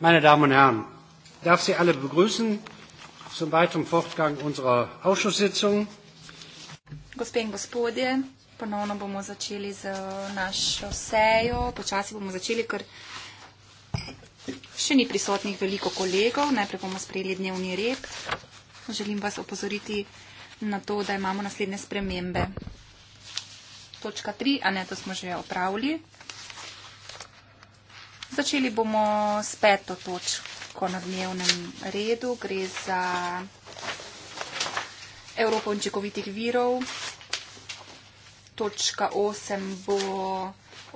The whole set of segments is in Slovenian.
Meine Damen und Herren, ich darf Sie alle begrüßen zum weiteren Fortgang unserer Ausschusssitzung. ponovno bomo začeli z našo sejo. Počasi bomo začeli, ker še ni prisotnih veliko kolegov. Najprej bomo sprejeli dnevni red. Želim vas opozoriti na to, da imamo naslednje spremembe. Točka 3, a ne, to smo že opravili. Začeli bomo s peto točko na dnevnem redu. Gre za Evropo očekovitih virov. Točka 8 bo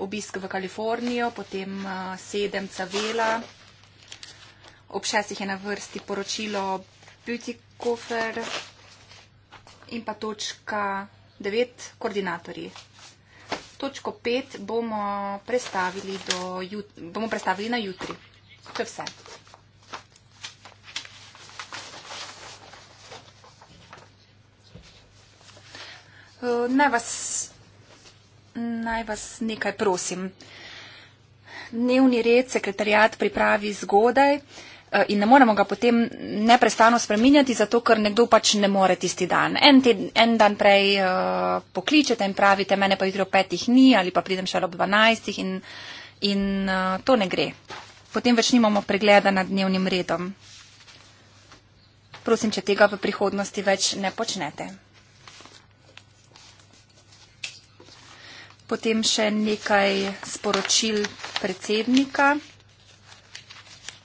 obisk v Kalifornijo, potem 7 eh, Cavela. Ob 6 je na vrsti poročilo Bütikofer in pa točka 9 koordinatorji točko 5 bomo prestavili, do, bomo prestavili na jutri. To je vse. Eh, naj vas, naj vas nekaj prosim. Dnevni red sekretarjat pripravi zgodaj. Eh, in ne moremo ga potem neprestano spreminjati, zato ker nekdo pač ne more tisti dan. En, te, en dan prej uh, pokličete in pravite, mene pa jutri ob petih ni ali pa pridem šele ob dvanajstih in, in uh, to ne gre. Potem več nimamo pregleda nad dnevnim redom. Prosim, če tega v prihodnosti več ne počnete. Potem še nekaj sporočil predsednika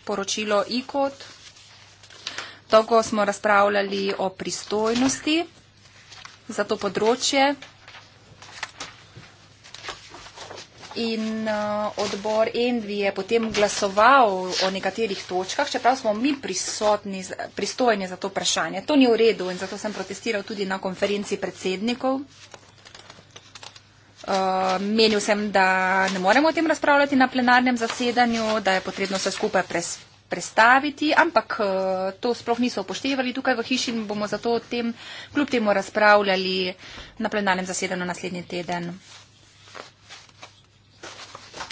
poročilo IKOT. Dolgo smo razpravljali o pristojnosti za to področje in uh, odbor ENVI je potem glasoval o nekaterih točkah, čeprav smo mi prisotni, pristojni za to vprašanje. To ni v redu in zato sem protestiral tudi na konferenci predsednikov. Uh, menil sem, da ne moremo o tem razpravljati na plenarnem zasedanju, da je potrebno vse skupaj pres, predstaviti, ampak uh, to sploh niso upoštevali tukaj v hiši in bomo zato o tem kljub temu razpravljali na plenarnem zasedanju naslednji teden.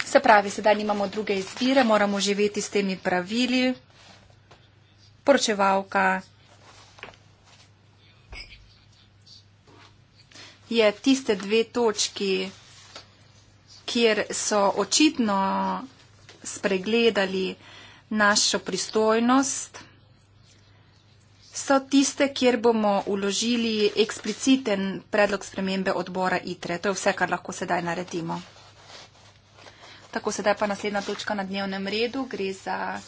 Se pravi, sedaj nimamo druge izbire, moramo živeti s temi pravili. Poročevalka je tiste dve točki, kjer so očitno spregledali našo pristojnost, so tiste, kjer bomo uložili ekspliciten predlog spremembe odbora ITRE. To je vse, kar lahko sedaj naredimo. Tako sedaj pa naslednja točka na dnevnem redu gre za.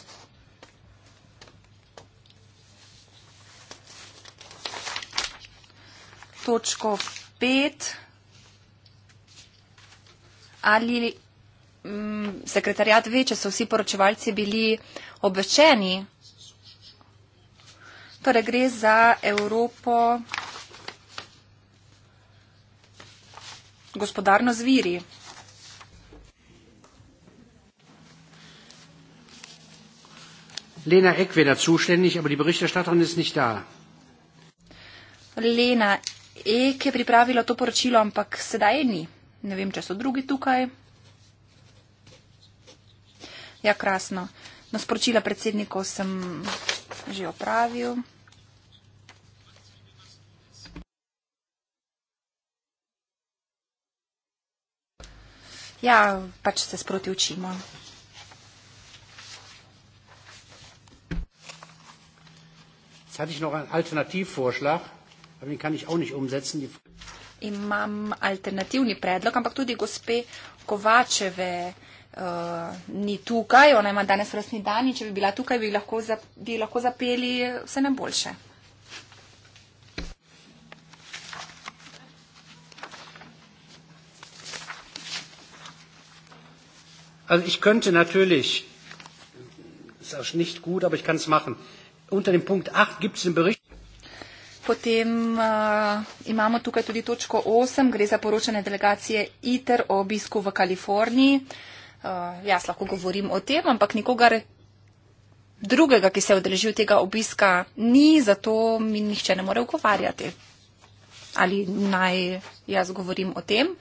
točko pet ali m, mm, sekretarjat ve, če so vsi poročevalci bili obveščeni. Torej gre za Evropo gospodarno zviri. Lena Eck wäre da zuständig, aber die Berichterstatterin ist nicht da. Lena Ek je pripravila to poročilo, ampak sedaj je ni. Ne vem, če so drugi tukaj. Ja, krasno. No, sporočila predsednikov sem že opravil. Ja, pač se sproti učimo. Hatte ich noch einen Alternativvorschlag? Imam alternativni predlog, ampak tudi gospe Kovačeve uh, ni tukaj. Ona ima danes rasni dan in če bi bila tukaj, bi lahko, za, bi lahko zapeli vse najboljše. Also ich könnte natürlich, ist auch nicht gut, aber ich kann es machen. Unter dem Punkt 8 gibt es den Bericht. Potem uh, imamo tukaj tudi točko 8, gre za poročanje delegacije ITER o obisku v Kaliforniji. Uh, jaz lahko govorim o tem, ampak nikogar drugega, ki se je odrežil tega obiska, ni, zato mi nihče ne more ugovarjati. Ali naj jaz govorim o tem?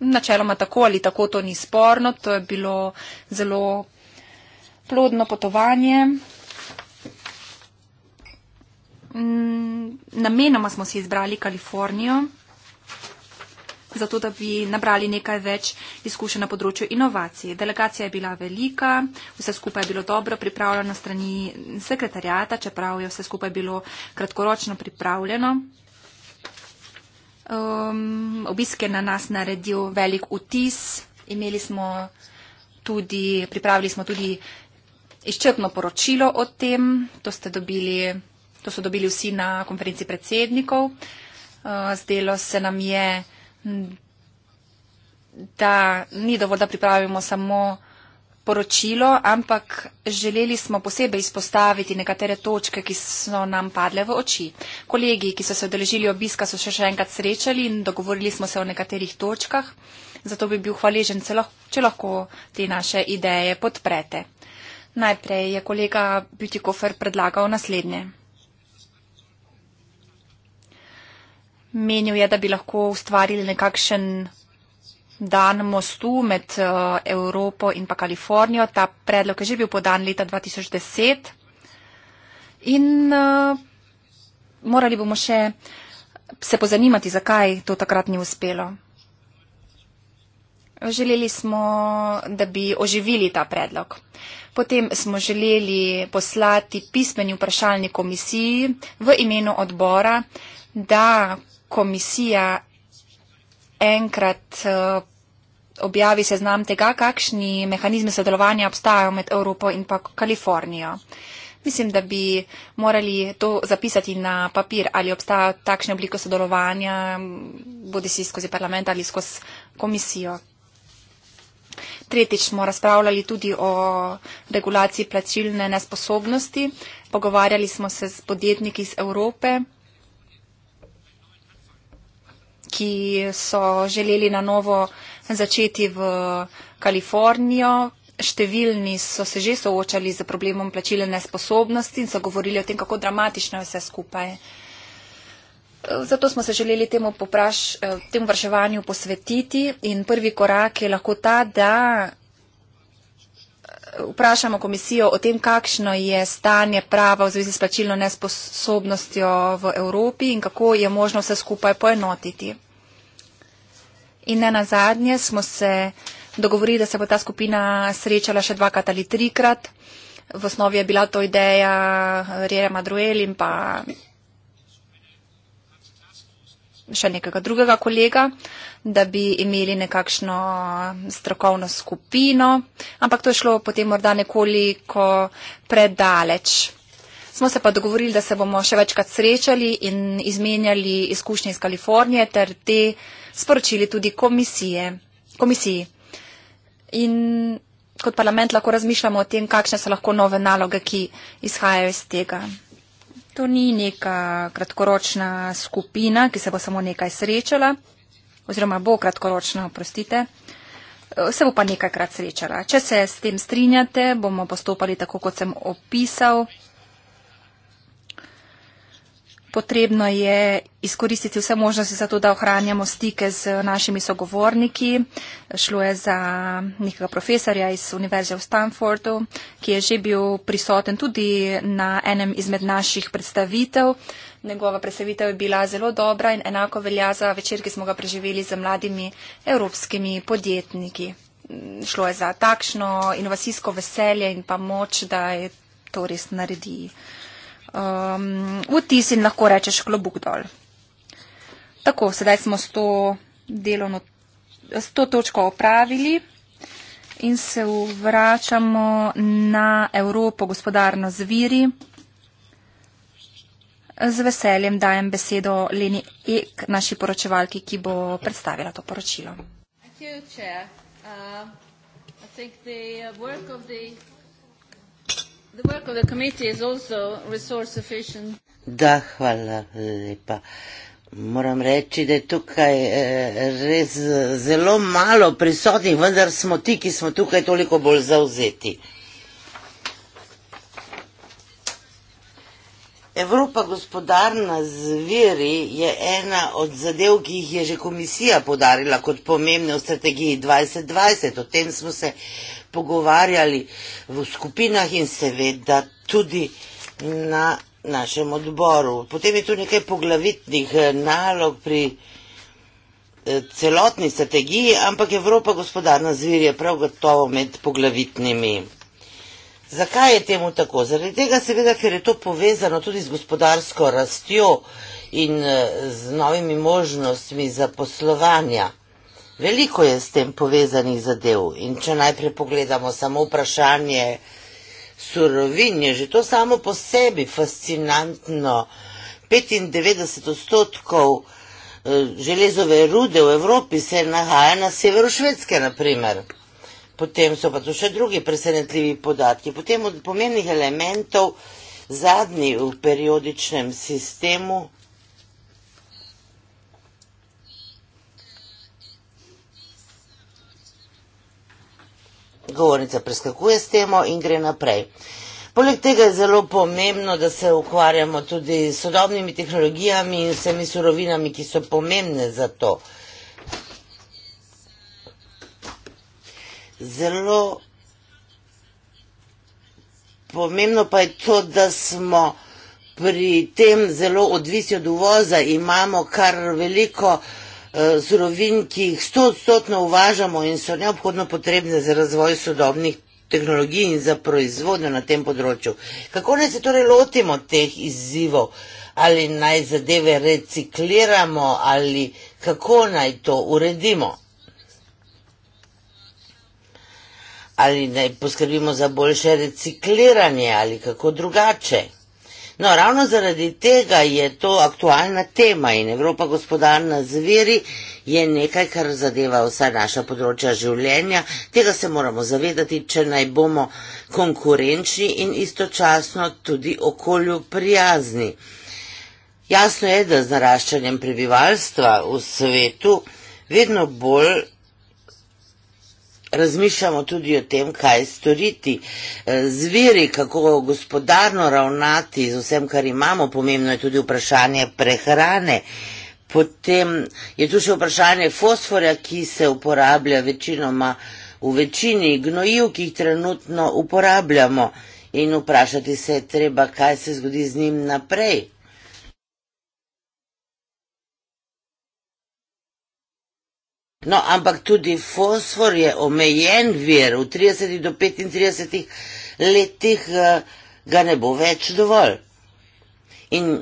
Načeloma tako ali tako to ni sporno, to je bilo zelo plodno potovanje. Mm, namenoma smo si izbrali Kalifornijo, zato da bi nabrali nekaj več izkušenj na področju inovacij. Delegacija je bila velika, vse skupaj je bilo dobro pripravljeno strani sekretarjata, čeprav je vse skupaj bilo kratkoročno pripravljeno. Um, obisk je na nas naredil velik vtis. Imeli smo tudi, pripravili smo tudi izčrpno poročilo o tem. To ste dobili To so dobili vsi na konferenci predsednikov. Eh, zdelo se nam je, da ni dovolj, da pripravimo samo poročilo, ampak želeli smo posebej izpostaviti nekatere točke, ki so nam padle v oči. Kolegi, ki so se odeležili obiska, so še, še enkrat srečali in dogovorili smo se o nekaterih točkah. Zato bi bil hvaležen, če lahko te naše ideje podprete. Najprej je kolega Bütikofer predlagal naslednje. Menil je, da bi lahko ustvarili nekakšen dan mostu med uh, Evropo in pa Kalifornijo. Ta predlog je že bil podan leta 2010 in uh, morali bomo še se pozanimati, zakaj to takrat ni uspelo. Želeli smo, da bi oživili ta predlog. Potem smo želeli poslati pismeni vprašalni komisiji v imenu odbora, da komisija enkrat eh, objavi seznam tega, kakšni mehanizmi sodelovanja obstajajo med Evropo in pa Kalifornijo. Mislim, da bi morali to zapisati na papir, ali obstaja takšne obliko sodelovanja, bodi si skozi parlament ali skozi komisijo. Tretjič smo razpravljali tudi o regulaciji plačilne nesposobnosti. Pogovarjali smo se s podjetniki iz Evrope ki so želeli na novo začeti v Kalifornijo. Številni so se že soočali z problemom plačile nesposobnosti in so govorili o tem, kako dramatično je vse skupaj. Zato smo se želeli temu, popraš, temu vprašanju posvetiti in prvi korak je lahko ta, da vprašamo komisijo o tem, kakšno je stanje prava v zvezi s plačilno nesposobnostjo v Evropi in kako je možno vse skupaj poenotiti. In ne na zadnje smo se dogovorili, da se bo ta skupina srečala še dvakrat ali trikrat. V osnovi je bila to ideja Rjera Madruel in pa še nekega drugega kolega, da bi imeli nekakšno strokovno skupino, ampak to je šlo potem morda nekoliko predaleč. Smo se pa dogovorili, da se bomo še večkrat srečali in izmenjali izkušnje iz Kalifornije ter te uh, sporočili tudi komisije, komisiji. In kot parlament lahko razmišljamo o tem, kakšne so lahko nove naloge, ki izhajajo iz tega. To ni neka kratkoročna skupina, ki se bo samo nekaj srečala, oziroma bo kratkoročna, oprostite. Se bo pa nekajkrat srečala. Če se s tem strinjate, bomo postopali tako, kot sem opisal. Potrebno je izkoristiti vse možnosti za to, da ohranjamo stike z našimi sogovorniki. Šlo je za nekega profesorja iz Univerze v Stanfordu, ki je že bil prisoten tudi na enem izmed naših predstavitev. Njegova predstavitev je bila zelo dobra in enako velja za večer, ki smo ga preživeli z mladimi evropskimi podjetniki. Šlo je za takšno inovacijsko veselje in pa moč, da je to res naredi um, vtis in lahko rečeš klobuk dol. Tako, sedaj smo s to delovno, s to točko opravili in se vračamo na Evropo gospodarno zviri. Z veseljem dajem besedo Leni Ek, naši poročevalki, ki bo predstavila to poročilo. Thank you, Chair. Uh, I think the work of the Da, hvala lepa. Moram reči, da je tukaj eh, res zelo malo prisotnih, vendar smo ti, ki smo tukaj toliko bolj zauzeti. Evropa gospodarna z viri je ena od zadev, ki jih je že komisija podarila kot pomembne v strategiji 2020. O tem smo se pogovarjali v skupinah in seveda tudi na našem odboru. Potem je tu nekaj poglavitnih eh, nalog pri eh, celotni strategiji, ampak Evropa gospodarna zvir je prav gotovo med poglavitnimi. Zakaj je temu tako? Zaradi tega seveda, ker je to povezano tudi z gospodarsko rastjo in eh, z novimi možnostmi za poslovanja. Veliko je s tem povezanih zadev in če najprej pogledamo samo vprašanje surovin, je že to samo po sebi fascinantno. 95 odstotkov eh, železove rude v Evropi se nahaja na severu Švedske, naprimer. Potem so pa tu še drugi presenetljivi podatki. Potem od pomembnih elementov zadnji v periodičnem sistemu govornica preskakuje s temo in gre naprej. Poleg tega je zelo pomembno, da se ukvarjamo tudi s sodobnimi tehnologijami in vsemi surovinami, ki so pomembne za to. Zelo pomembno pa je to, da smo pri tem zelo odvisni od uvoza, imamo kar veliko uh, Eh, surovin, ki jih sto odstotno uvažamo in so neobhodno potrebne za razvoj sodobnih tehnologij in za proizvodnjo na tem področju. Kako naj se torej lotimo teh izzivov? Ali naj zadeve recikliramo ali kako naj to uredimo? Ali naj poskrbimo za boljše recikliranje ali kako drugače? No, ravno zaradi tega je to aktualna tema in Evropa gospodarna zveri je nekaj, kar zadeva vsa naša področja življenja. Tega se moramo zavedati, če naj bomo konkurenčni in istočasno tudi okolju prijazni. Jasno je, da z naraščanjem prebivalstva v svetu vedno bolj Razmišljamo tudi o tem, kaj storiti e, z viri, kako gospodarno ravnati z vsem, kar imamo. Pomembno je tudi vprašanje prehrane. Potem je tu še vprašanje fosforja, ki se uporablja večinoma v večini gnojiv, ki jih trenutno uporabljamo. In vprašati se je treba, kaj se zgodi z njim naprej. No, ampak tudi fosfor je omejen vir, v 30 do 35 letih eh, ga ne bo več dovolj. In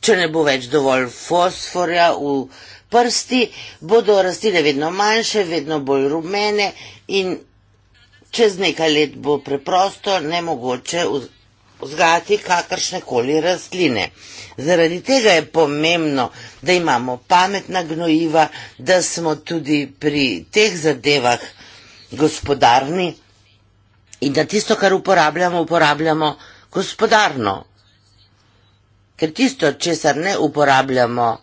če ne bo več dovolj fosforja v prsti, bodo rastline vedno manjše, vedno bolj rumene in čez nekaj let bo preprosto nemogoče vzgajati vzgajati kakršne koli rastline. Zaradi tega je pomembno, da imamo pametna gnojiva, da smo tudi pri teh zadevah gospodarni in da tisto, kar uporabljamo, uporabljamo gospodarno. Ker tisto, česar ne uporabljamo,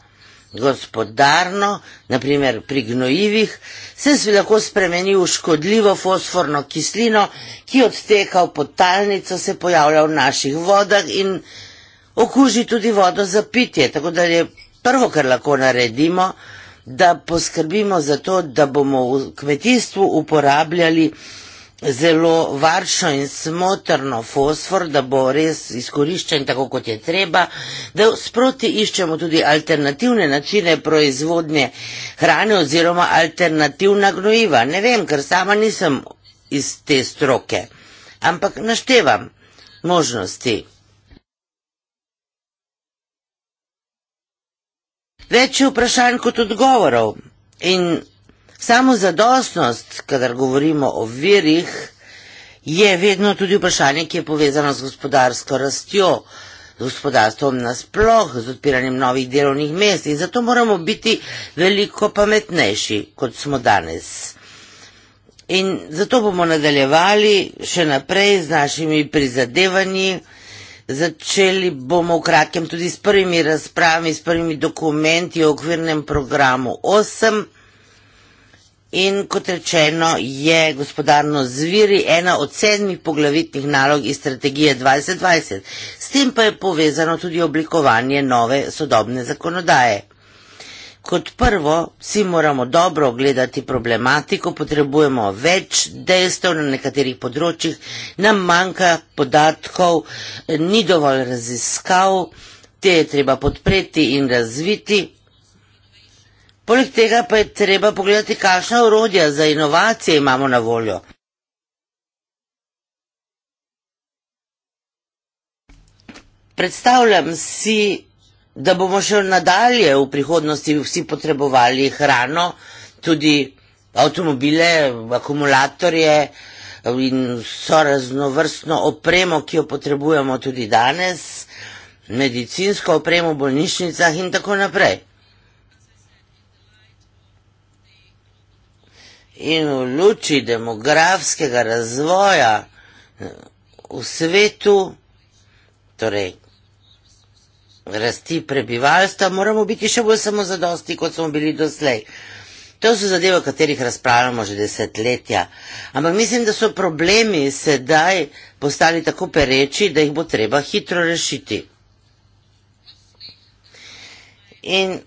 gospodarno, naprimer pri gnojivih, se lahko spremeni v škodljivo fosforno kislino, ki odteka v potalnico, se pojavlja v naših vodah in okuži tudi vodo za pitje. Tako da je prvo, kar lahko naredimo, da poskrbimo za to, da bomo v kmetijstvu uporabljali zelo varčno in smotrno fosfor, da bo res izkoriščen tako, kot je treba, da sproti iščemo tudi alternativne načine proizvodnje hrane oziroma alternativna gnojiva. Ne vem, ker sama nisem iz te stroke, ampak naštevam možnosti. Več je vprašanj kot odgovorov. In Samo zadostnost, kadar govorimo o virih, je vedno tudi vprašanje, ki je povezano z gospodarsko rastjo, z gospodarstvom nasploh, z odpiranjem novih delovnih mest in zato moramo biti veliko pametnejši, kot smo danes. In zato bomo nadaljevali še naprej z našimi prizadevanji. Začeli bomo v kratkem tudi s prvimi razpravami, s prvimi dokumenti o okvirnem programu 8. In kot rečeno, je gospodarno zviri ena od sedmih poglavitnih nalog iz strategije 2020. S tem pa je povezano tudi oblikovanje nove sodobne zakonodaje. Kot prvo, vsi moramo dobro ogledati problematiko, potrebujemo več dejstev na nekaterih področjih, nam manjka podatkov, ni dovolj raziskav, te je treba podpreti in razviti. Poleg tega pa je treba pogledati, kakšna urodja za inovacije imamo na voljo. Predstavljam si, da bomo še nadalje v prihodnosti vsi potrebovali hrano, tudi avtomobile, akumulatorje in vso raznovrstno opremo, ki jo potrebujemo tudi danes, medicinsko opremo v bolnišnicah in tako naprej. in v luči demografskega razvoja eh, v svetu, torej rasti prebivalstva, moramo biti še bolj samozadosti, kot smo bili doslej. To so zadeve, o katerih razpravljamo že desetletja. Ampak mislim, da so problemi sedaj postali tako pereči, da jih bo treba hitro rešiti. In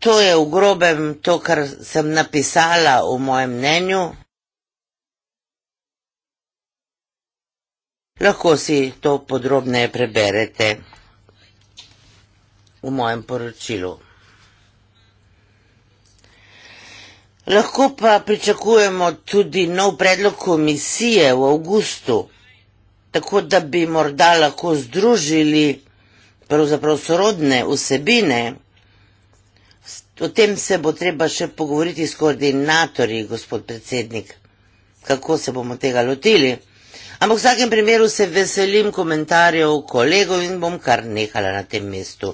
to je v grobem to, kar sem napisala v mojem mnenju. Lahko si to podrobneje preberete v mojem poročilu. Lahko pa pričakujemo tudi nov predlog komisije v avgustu, tako da bi morda lahko združili pravzaprav sorodne vsebine, O tem se bo treba še pogovoriti s koordinatorji, gospod predsednik, kako se bomo tega lotili. Ampak v vsakem primeru se veselim komentarjev kolegov in bom kar nehala na tem mestu.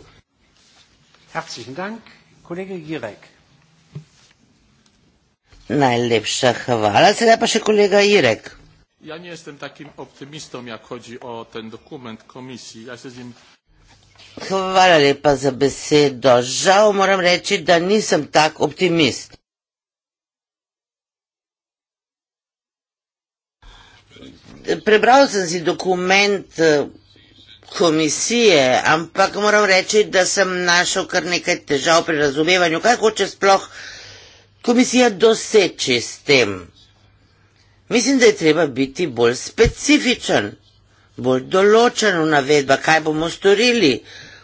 Najlepša hvala, sedaj pa še kolega Irek. Ja, nisem takim optimistom, jak hodi o ten dokument komisiji. Ja, se zim, Hvala lepa za besedo. Žal moram reči, da nisem tak optimist. Prebral sem si dokument eh, komisije, ampak moram reči, da sem našel kar nekaj težav pri razumevanju, kaj hoče sploh komisija doseči s tem. Mislim, da je treba biti bolj specifičen, bolj določen v navedba, kaj bomo storili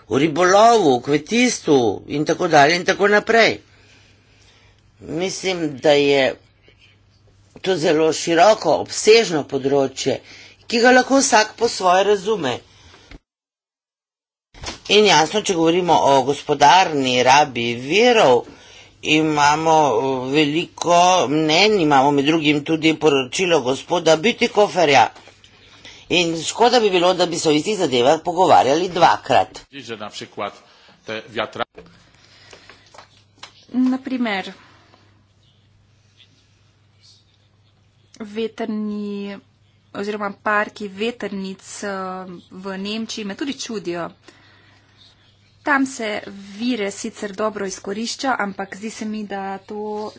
v ribolovu, v kvetistvu in tako dalje in tako naprej. Mislim, da je to zelo široko, obsežno področje, ki ga lahko vsak po svoje razume. In jasno, če govorimo o gospodarni rabi virov, imamo uh, veliko mnen, imamo med drugim tudi poročilo gospoda Bitikoferja. In škoda bi bilo, da bi se o istih zadevah pogovarjali dvakrat. Naprimer, veterni oziroma parki veternic eh, v Nemčiji me tudi čudijo. Tam se vire sicer dobro izkorišča, ampak zdi se mi, da to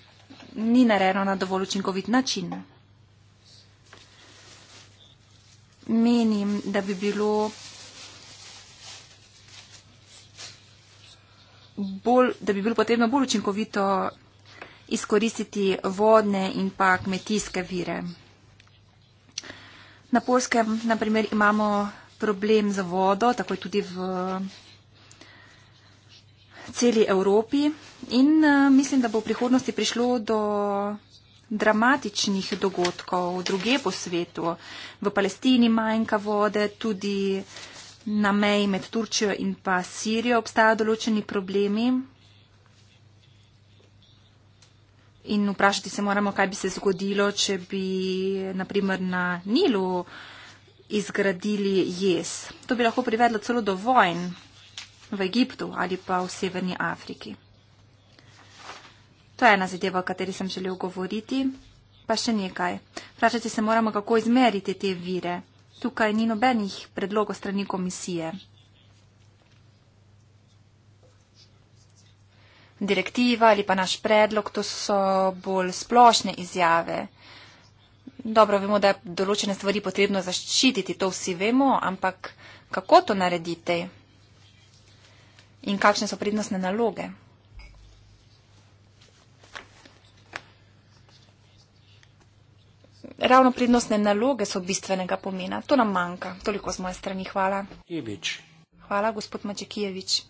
ni narejeno na dovolj učinkovit način. menim, da bi bilo bolj, da bi bilo potrebno bolj učinkovito izkoristiti vodne in pa kmetijske vire. Na Polskem, naprimer, imamo problem z vodo, tako je tudi v celi Evropi in eh, mislim, da bo v prihodnosti prišlo do dramatičnih dogodkov druge po svetu. V Palestini manjka vode, tudi na meji med Turčijo in pa Sirijo obstajajo določeni problemi. In vprašati se moramo, kaj bi se zgodilo, če bi naprimer na Nilu izgradili jez. To bi lahko privedlo celo do vojn v Egiptu ali pa v Severni Afriki. To je ena zadeva, o kateri sem želel govoriti. Pa še nekaj. Vprašati se moramo, kako izmeriti te vire. Tukaj ni nobenih predlogov strani komisije. Direktiva ali pa naš predlog, to so bolj splošne izjave. Dobro, vemo, da je določene stvari potrebno zaščititi, to vsi vemo, ampak kako to naredite in kakšne so prednostne naloge? ravno prednostne naloge so bistvenega pomena. To nam manjka. Toliko z moje strani. Hvala. Jevič. Hvala, gospod Mačekijevič.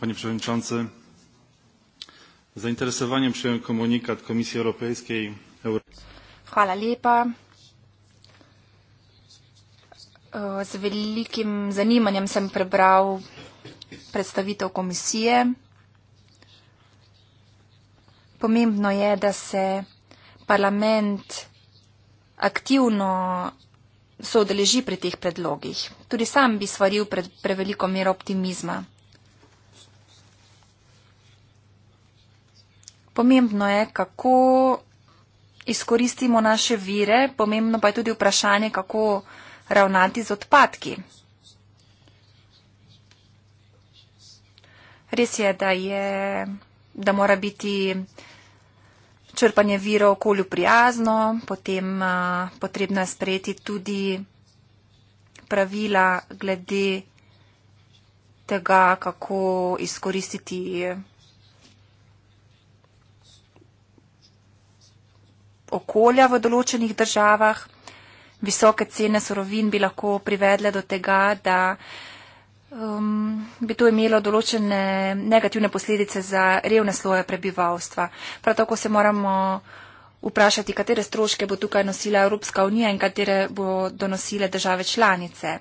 Panie Przewodniczący, z zainteresowaniem przyjąłem komunikat Komisji Europejskiej. Euro... Hvala lepa. E, z velikim zanimanjem sem prebral predstavitev komisije. Pomembno je, da se parlament aktivno sodeleži pri teh predlogih. Tudi sam bi svaril pred preveliko mero optimizma. Pomembno je, kako izkoristimo naše vire, pomembno pa je tudi vprašanje, kako ravnati z odpadki. Res je, da, je, da mora biti črpanje virov okolju prijazno, potem eh, potrebno je sprejeti tudi pravila glede tega, kako izkoristiti okolja v določenih državah. Visoke cene surovin bi lahko privedle do tega, da um, bi to imelo določene negativne posledice za revne sloje prebivalstva. Prav tako se moramo vprašati, katere stroške bo tukaj nosila Evropska unija in katere bo donosile države članice.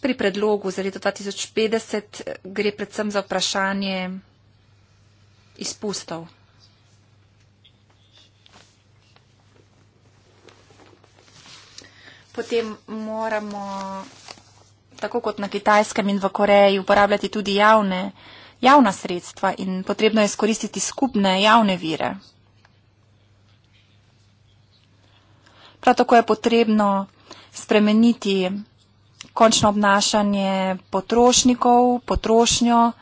Pri predlogu za leto 2050 gre predvsem za vprašanje izpustov. Potem moramo tako kot na Kitajskem in v Koreji, uporabljati tudi javne, javna sredstva in potrebno je skoristiti skupne javne vire. Prav tako je potrebno spremeniti končno obnašanje potrošnikov, potrošnjo.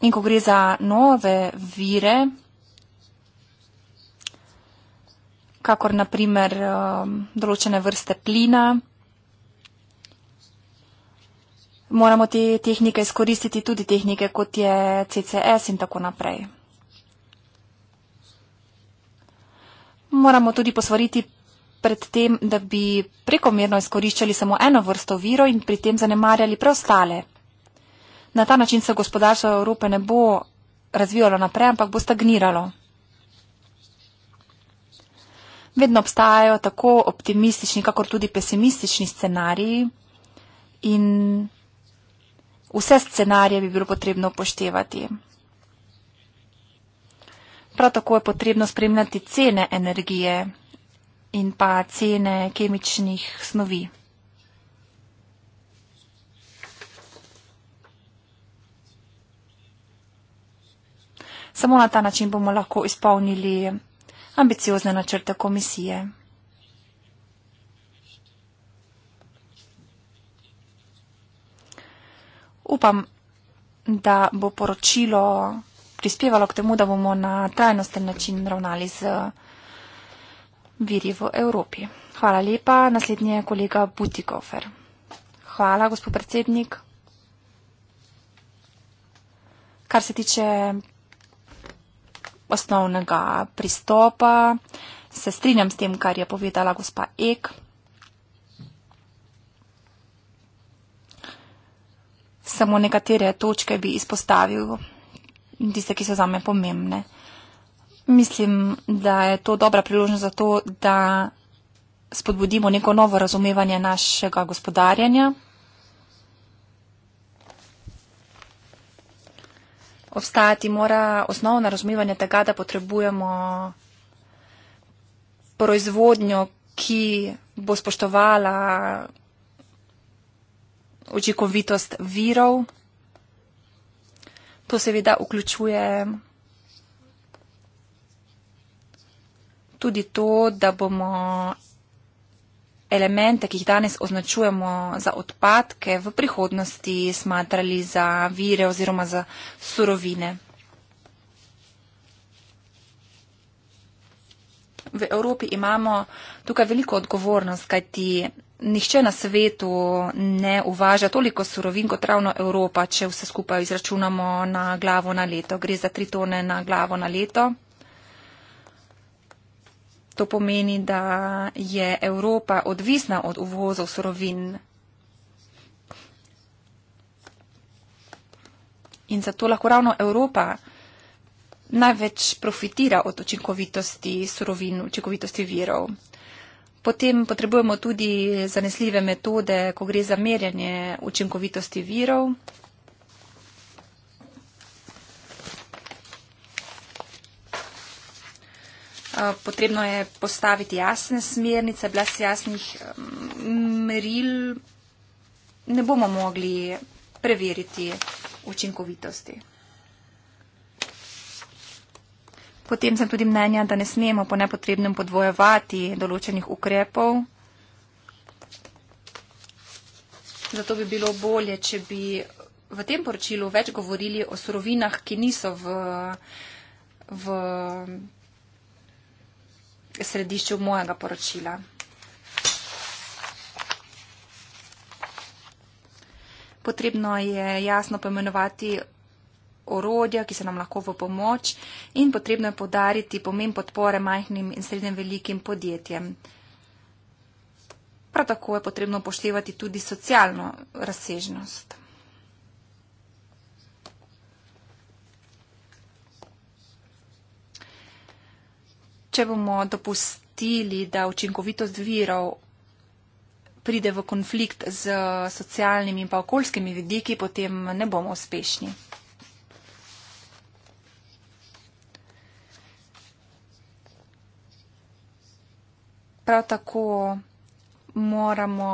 In ko gre za nove vire, kakor naprimer um, določene vrste plina. Moramo te tehnike izkoristiti tudi tehnike, kot je CCS in tako naprej. Moramo tudi posvariti pred tem, da bi prekomerno izkoriščali samo eno vrsto viro in pri tem zanemarjali preostale. Na ta način se gospodarstvo Evrope ne bo razvijalo naprej, ampak bo stagniralo vedno obstajajo tako optimistični, kakor tudi pesimistični scenariji in vse scenarije bi bilo potrebno upoštevati. Prav tako je potrebno spremljati cene energije in pa cene kemičnih snovi. Samo na ta način bomo lahko izpolnili ambiciozne načrte komisije. Upam, da bo poročilo prispevalo k temu, da bomo na trajnosten način ravnali z viri v Evropi. Hvala lepa. Naslednji je kolega Butikofer. Hvala, gospod predsednik. Kar se tiče osnovnega pristopa. Se strinjam s tem, kar je povedala gospa Ek. Samo nekatere točke bi izpostavil, tiste, ki so zame pomembne. Mislim, da je to dobra priložnost za to, da spodbudimo neko novo razumevanje našega gospodarjanja, obstajati mora osnovno razumevanje tega, da potrebujemo proizvodnjo, ki bo spoštovala učinkovitost virov. To seveda vključuje tudi to, da bomo elemente, ki jih danes označujemo za odpadke, v prihodnosti smatrali za vire oziroma za surovine. V Evropi imamo tukaj veliko odgovornost, kajti nihče na svetu ne uvaža toliko surovin kot ravno Evropa, če vse skupaj izračunamo na glavo na leto. Gre za tri tone na glavo na leto. To pomeni, da je Evropa odvisna od uvozov surovin. In zato lahko ravno Evropa največ profitira od učinkovitosti surovin, učinkovitosti virov. Potem potrebujemo tudi zanesljive metode, ko gre za merjanje učinkovitosti virov. Eh, potrebno je postaviti jasne smernice, brez jasnih eh, meril ne bomo mogli preveriti učinkovitosti. Potem sem tudi mnenja, da ne smemo po nepotrebnem podvojevati določenih ukrepov. Zato bi bilo bolje, če bi v tem poročilu več govorili o surovinah, ki niso v, v središču mojega poročila. Potrebno je jasno pomenovati orodja, ki se nam lahko v pomoč in potrebno je podariti pomen podpore majhnim in srednjim velikim podjetjem. Prav tako je potrebno poštevati tudi socialno razsežnost. če bomo dopustili, da učinkovitost virov pride v konflikt z socialnimi in pa okoljskimi vidiki, potem ne bomo uspešni. Prav tako moramo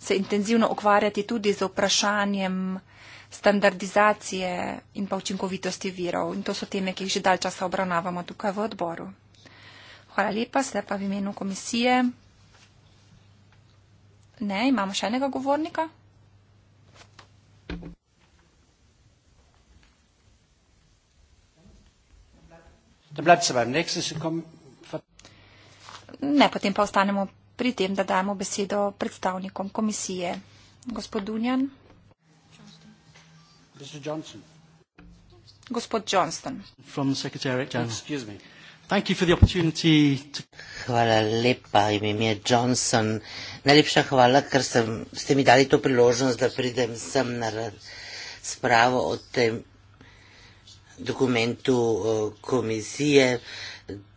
se intenzivno ukvarjati tudi z vprašanjem, standardizacije in pa učinkovitosti virov. In to so teme, ki jih že dalj časa obravnavamo tukaj v odboru. Hvala lepa, sedaj pa v imenu komisije. Ne, imamo še enega govornika. Ne, potem pa ostanemo pri tem, da dajemo besedo predstavnikom komisije. Gospod Dunjan. Hvala lepa, ime mi je Johnson. Najlepša hvala, ker sem, ste mi dali to priložnost, da pridem sem na spravo o tem dokumentu komisije.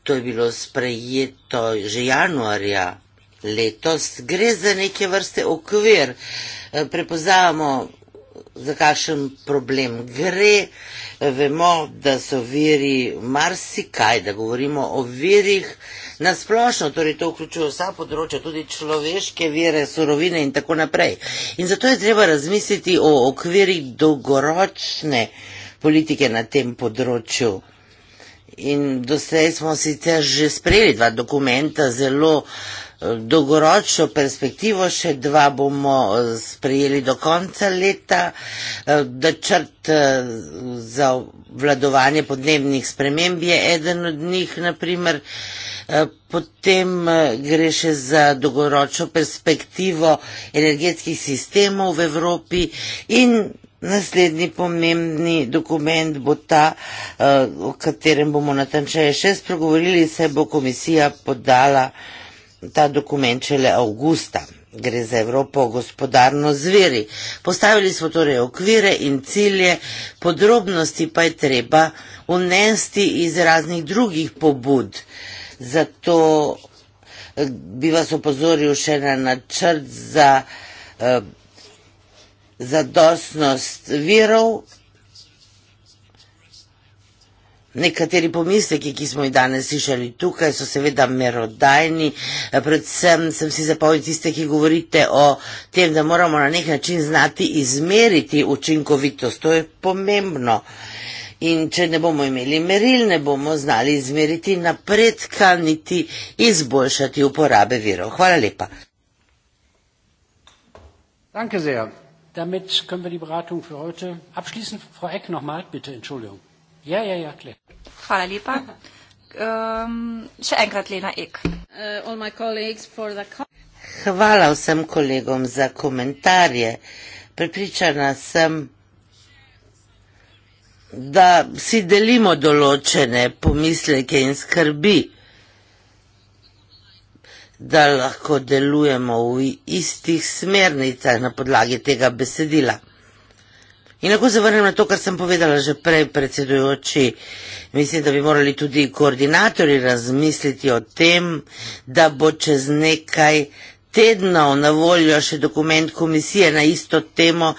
To je bilo sprejeto že januarja letos. Gre za neke vrste okvir. E, prepoznavamo za kakšen problem gre. Vemo, da so viri marsikaj, da govorimo o virih nasplošno, torej to vključuje vsa področja, tudi človeške vire, sorovine in tako naprej. In zato je treba razmisliti o okvirih dolgoročne politike na tem področju. In doslej smo sicer že sprejeli dva dokumenta zelo dolgoročno perspektivo, še dva bomo eh, sprejeli do konca leta, da eh, črt eh, za vladovanje podnebnih sprememb je eden od njih, naprimer, potem gre še za dolgoročno perspektivo energetskih sistemov v Evropi in Naslednji pomembni dokument bo ta, o katerem bomo natančaje še spregovorili, se bo komisija podala ta dokument šele avgusta. Gre za Evropo gospodarno zveri. Postavili smo torej okvire in cilje, podrobnosti pa je treba unesti iz raznih drugih pobud. Zato eh, bi vas opozoril še na načrt za eh, zadostnost virov Nekateri pomisleki, ki smo jih danes slišali tukaj, so seveda merodajni. Predvsem sem si zapomnil tiste, ki govorite o tem, da moramo na nek način znati izmeriti učinkovitost. To je pomembno. In če ne bomo imeli meril, ne bomo znali izmeriti napredka, niti izboljšati uporabe virov. Hvala lepa. Damit können wir die Beratung für heute abschließen. Frau Eck nochmal, bitte Entschuldigung. Ja, ja, ja, Hvala lepa. Um, še enkrat Lena Ek. Uh, Hvala vsem kolegom za komentarje. Pripričana sem, da si delimo določene pomisleke in skrbi, da lahko delujemo v istih smernicah na podlagi tega besedila. In lahko se vrnem na to, kar sem povedala že prej, predsedujoči. Mislim, da bi morali tudi koordinatori razmisliti o tem, da bo čez nekaj tednov na voljo še dokument komisije na isto temo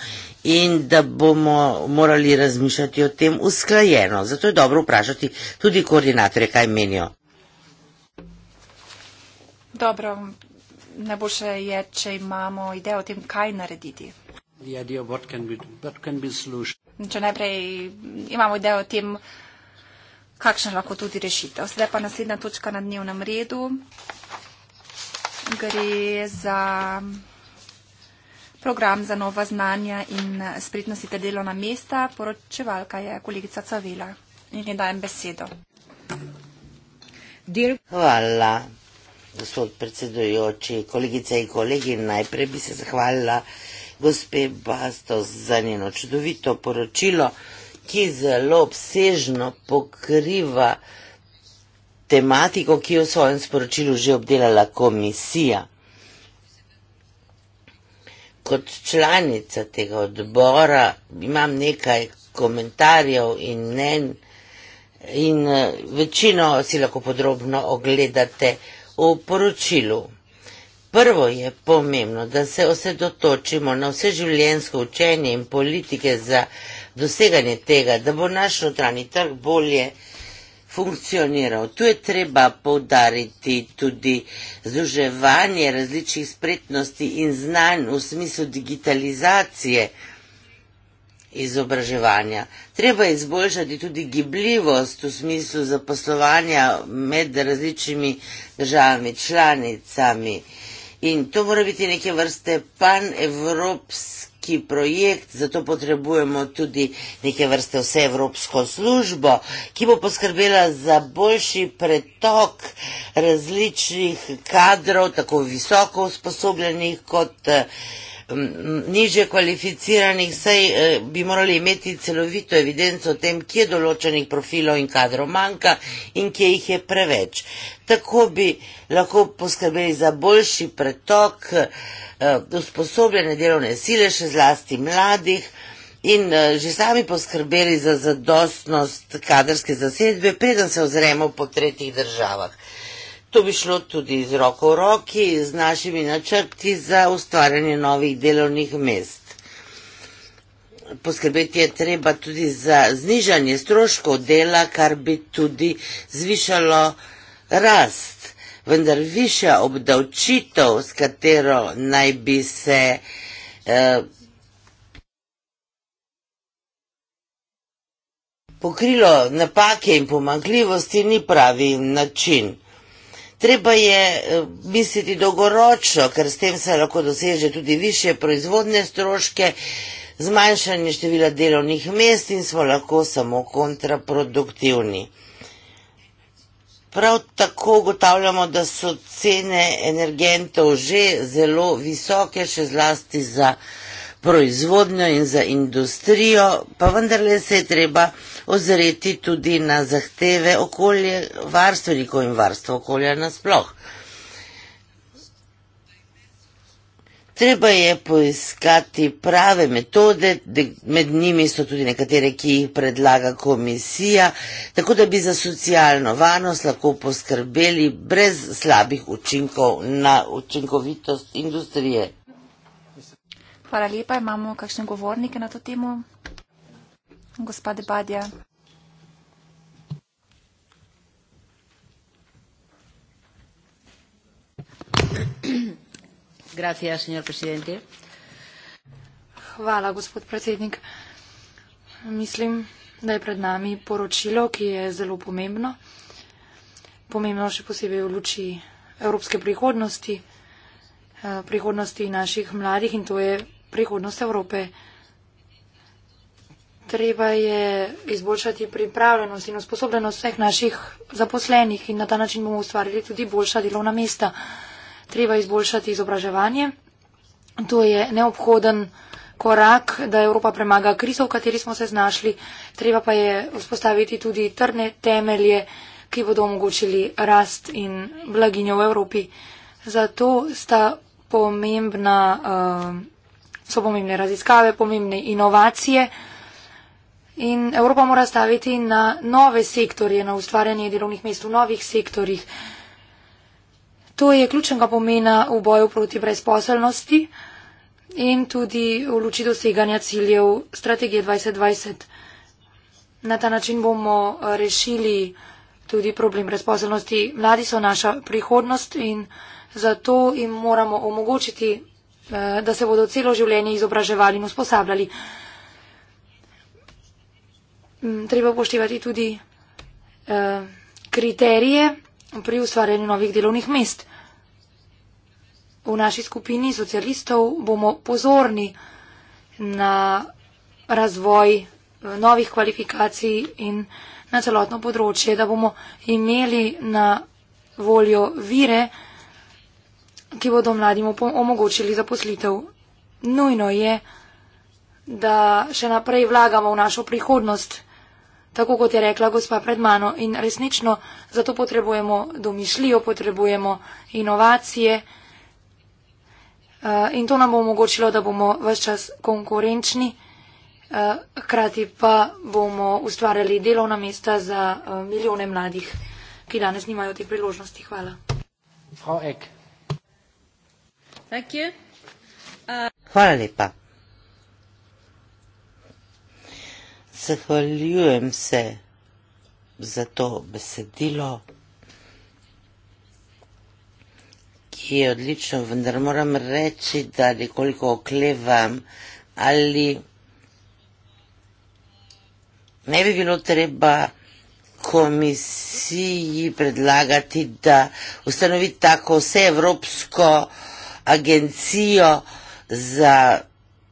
in da bomo morali razmišljati o tem usklajeno. Zato je dobro vprašati tudi koordinatorje, kaj menijo. Dobro, najboljše je, če imamo idejo o tem, kaj narediti. Če najprej imamo idejo o tem, kakšna lahko tudi rešitev. Sedaj pa naslednja točka na dnevnem redu. Gre za program za nova znanja in spretnosti te delovna mesta. Poročevalka je kolegica Cavela in je dajem besedo. Dir. Hvala, gospod predsedujoči, kolegice in kolegi. Najprej bi se zahvalila gospe Bastos za njeno čudovito poročilo, ki zelo obsežno pokriva tematiko, ki je v svojem sporočilu že obdelala komisija. Kot članica tega odbora imam nekaj komentarjev in mnen in eh, večino si lahko podrobno ogledate v poročilu. Prvo je pomembno, da se osredotočimo na vse življensko učenje in politike za doseganje tega, da bo naš notranji trg bolje funkcioniral. Tu je treba poudariti tudi združevanje različnih spretnosti in znanj v smislu digitalizacije izobraževanja. Treba izboljšati tudi gibljivost v smislu zaposlovanja med različnimi državami članicami. In to mora biti neke vrste panevropski projekt, zato potrebujemo tudi neke vrste vseevropsko službo, ki bo poskrbela za boljši pretok različnih kadrov, tako visoko usposobljenih kot uh, niže kvalificiranih, saj eh, bi morali imeti celovito evidenco o tem, kje določenih profilov in kadrov manjka in kje jih je preveč. Tako bi lahko poskrbeli za boljši pretok eh, usposobljene delovne sile, še zlasti mladih in eh, že sami poskrbeli za zadostnost kadrske zasedbe, preden se ozremo po tretjih državah. To bi šlo tudi z roko v roki z našimi načrti za ustvarjanje novih delovnih mest. Poskrbeti je treba tudi za znižanje stroškov dela, kar bi tudi zvišalo rast, vendar više obdavčitev, s katero naj bi se eh, pokrilo napake in pomankljivosti, ni pravi način. Treba je eh, misliti dolgoročno, ker s tem se lahko doseže tudi više proizvodne stroške, zmanjšanje števila delovnih mest in smo lahko samo kontraproduktivni. Prav tako ugotavljamo, da so cene energentov že zelo visoke, še zlasti za proizvodnjo in za industrijo, pa vendarle se je treba ozreti tudi na zahteve okolje, varstvenikov in varstvo okolja nasploh. Treba je poiskati prave metode, med njimi so tudi nekatere, ki jih predlaga komisija, tako da bi za socialno varnost lahko poskrbeli brez slabih učinkov na učinkovitost industrije. Hvala lepa, imamo kakšne govornike na to temo? Gospod Badja. Hvala, gospod predsednik. Mislim, da je pred nami poročilo, ki je zelo pomembno. Pomembno še posebej v luči evropske prihodnosti, eh, prihodnosti naših mladih in to je prihodnost Evrope treba je izboljšati pripravljenost in usposobljenost vseh naših zaposlenih in na ta način bomo ustvarili tudi boljša delovna mesta. Treba izboljšati izobraževanje. To je neobhoden korak, da Evropa premaga krizo, v kateri smo se znašli. Treba pa je vzpostaviti tudi trdne temelje, ki bodo omogočili rast in blaginjo v Evropi. Zato sta pomembna, eh, so pomembne raziskave, pomembne inovacije. In Evropa mora staviti na nove sektorje, na ustvarjanje delovnih mest v novih sektorjih. To je ključnega pomena v boju proti brezposelnosti in tudi v luči doseganja ciljev strategije 2020. Na ta način bomo eh, rešili tudi problem brezposelnosti. Mladi so naša prihodnost in zato jim moramo omogočiti, eh, da se bodo celo življenje izobraževali in usposabljali. Mm, treba upoštevati tudi eh, kriterije pri ustvarjanju novih delovnih mest. V naši skupini socialistov bomo pozorni na razvoj eh, novih kvalifikacij in na celotno področje, da bomo imeli na voljo vire, ki bodo mladim omogočili zaposlitev. Nujno je, da še naprej vlagamo v našo prihodnost tako kot je rekla gospa pred mano. In resnično zato potrebujemo domišljijo, potrebujemo inovacije eh, in to nam bo omogočilo, da bomo vse čas konkurenčni, eh, hkrati pa bomo ustvarjali delovna mesta za eh, milijone mladih, ki danes nimajo te priložnosti. Hvala. Hvala lepa. Zahvaljujem se za to besedilo, ki je odlično, vendar moram reči, da nekoliko oklevam ali ne bi bilo treba komisiji predlagati, da ustanovi tako vseevropsko agencijo za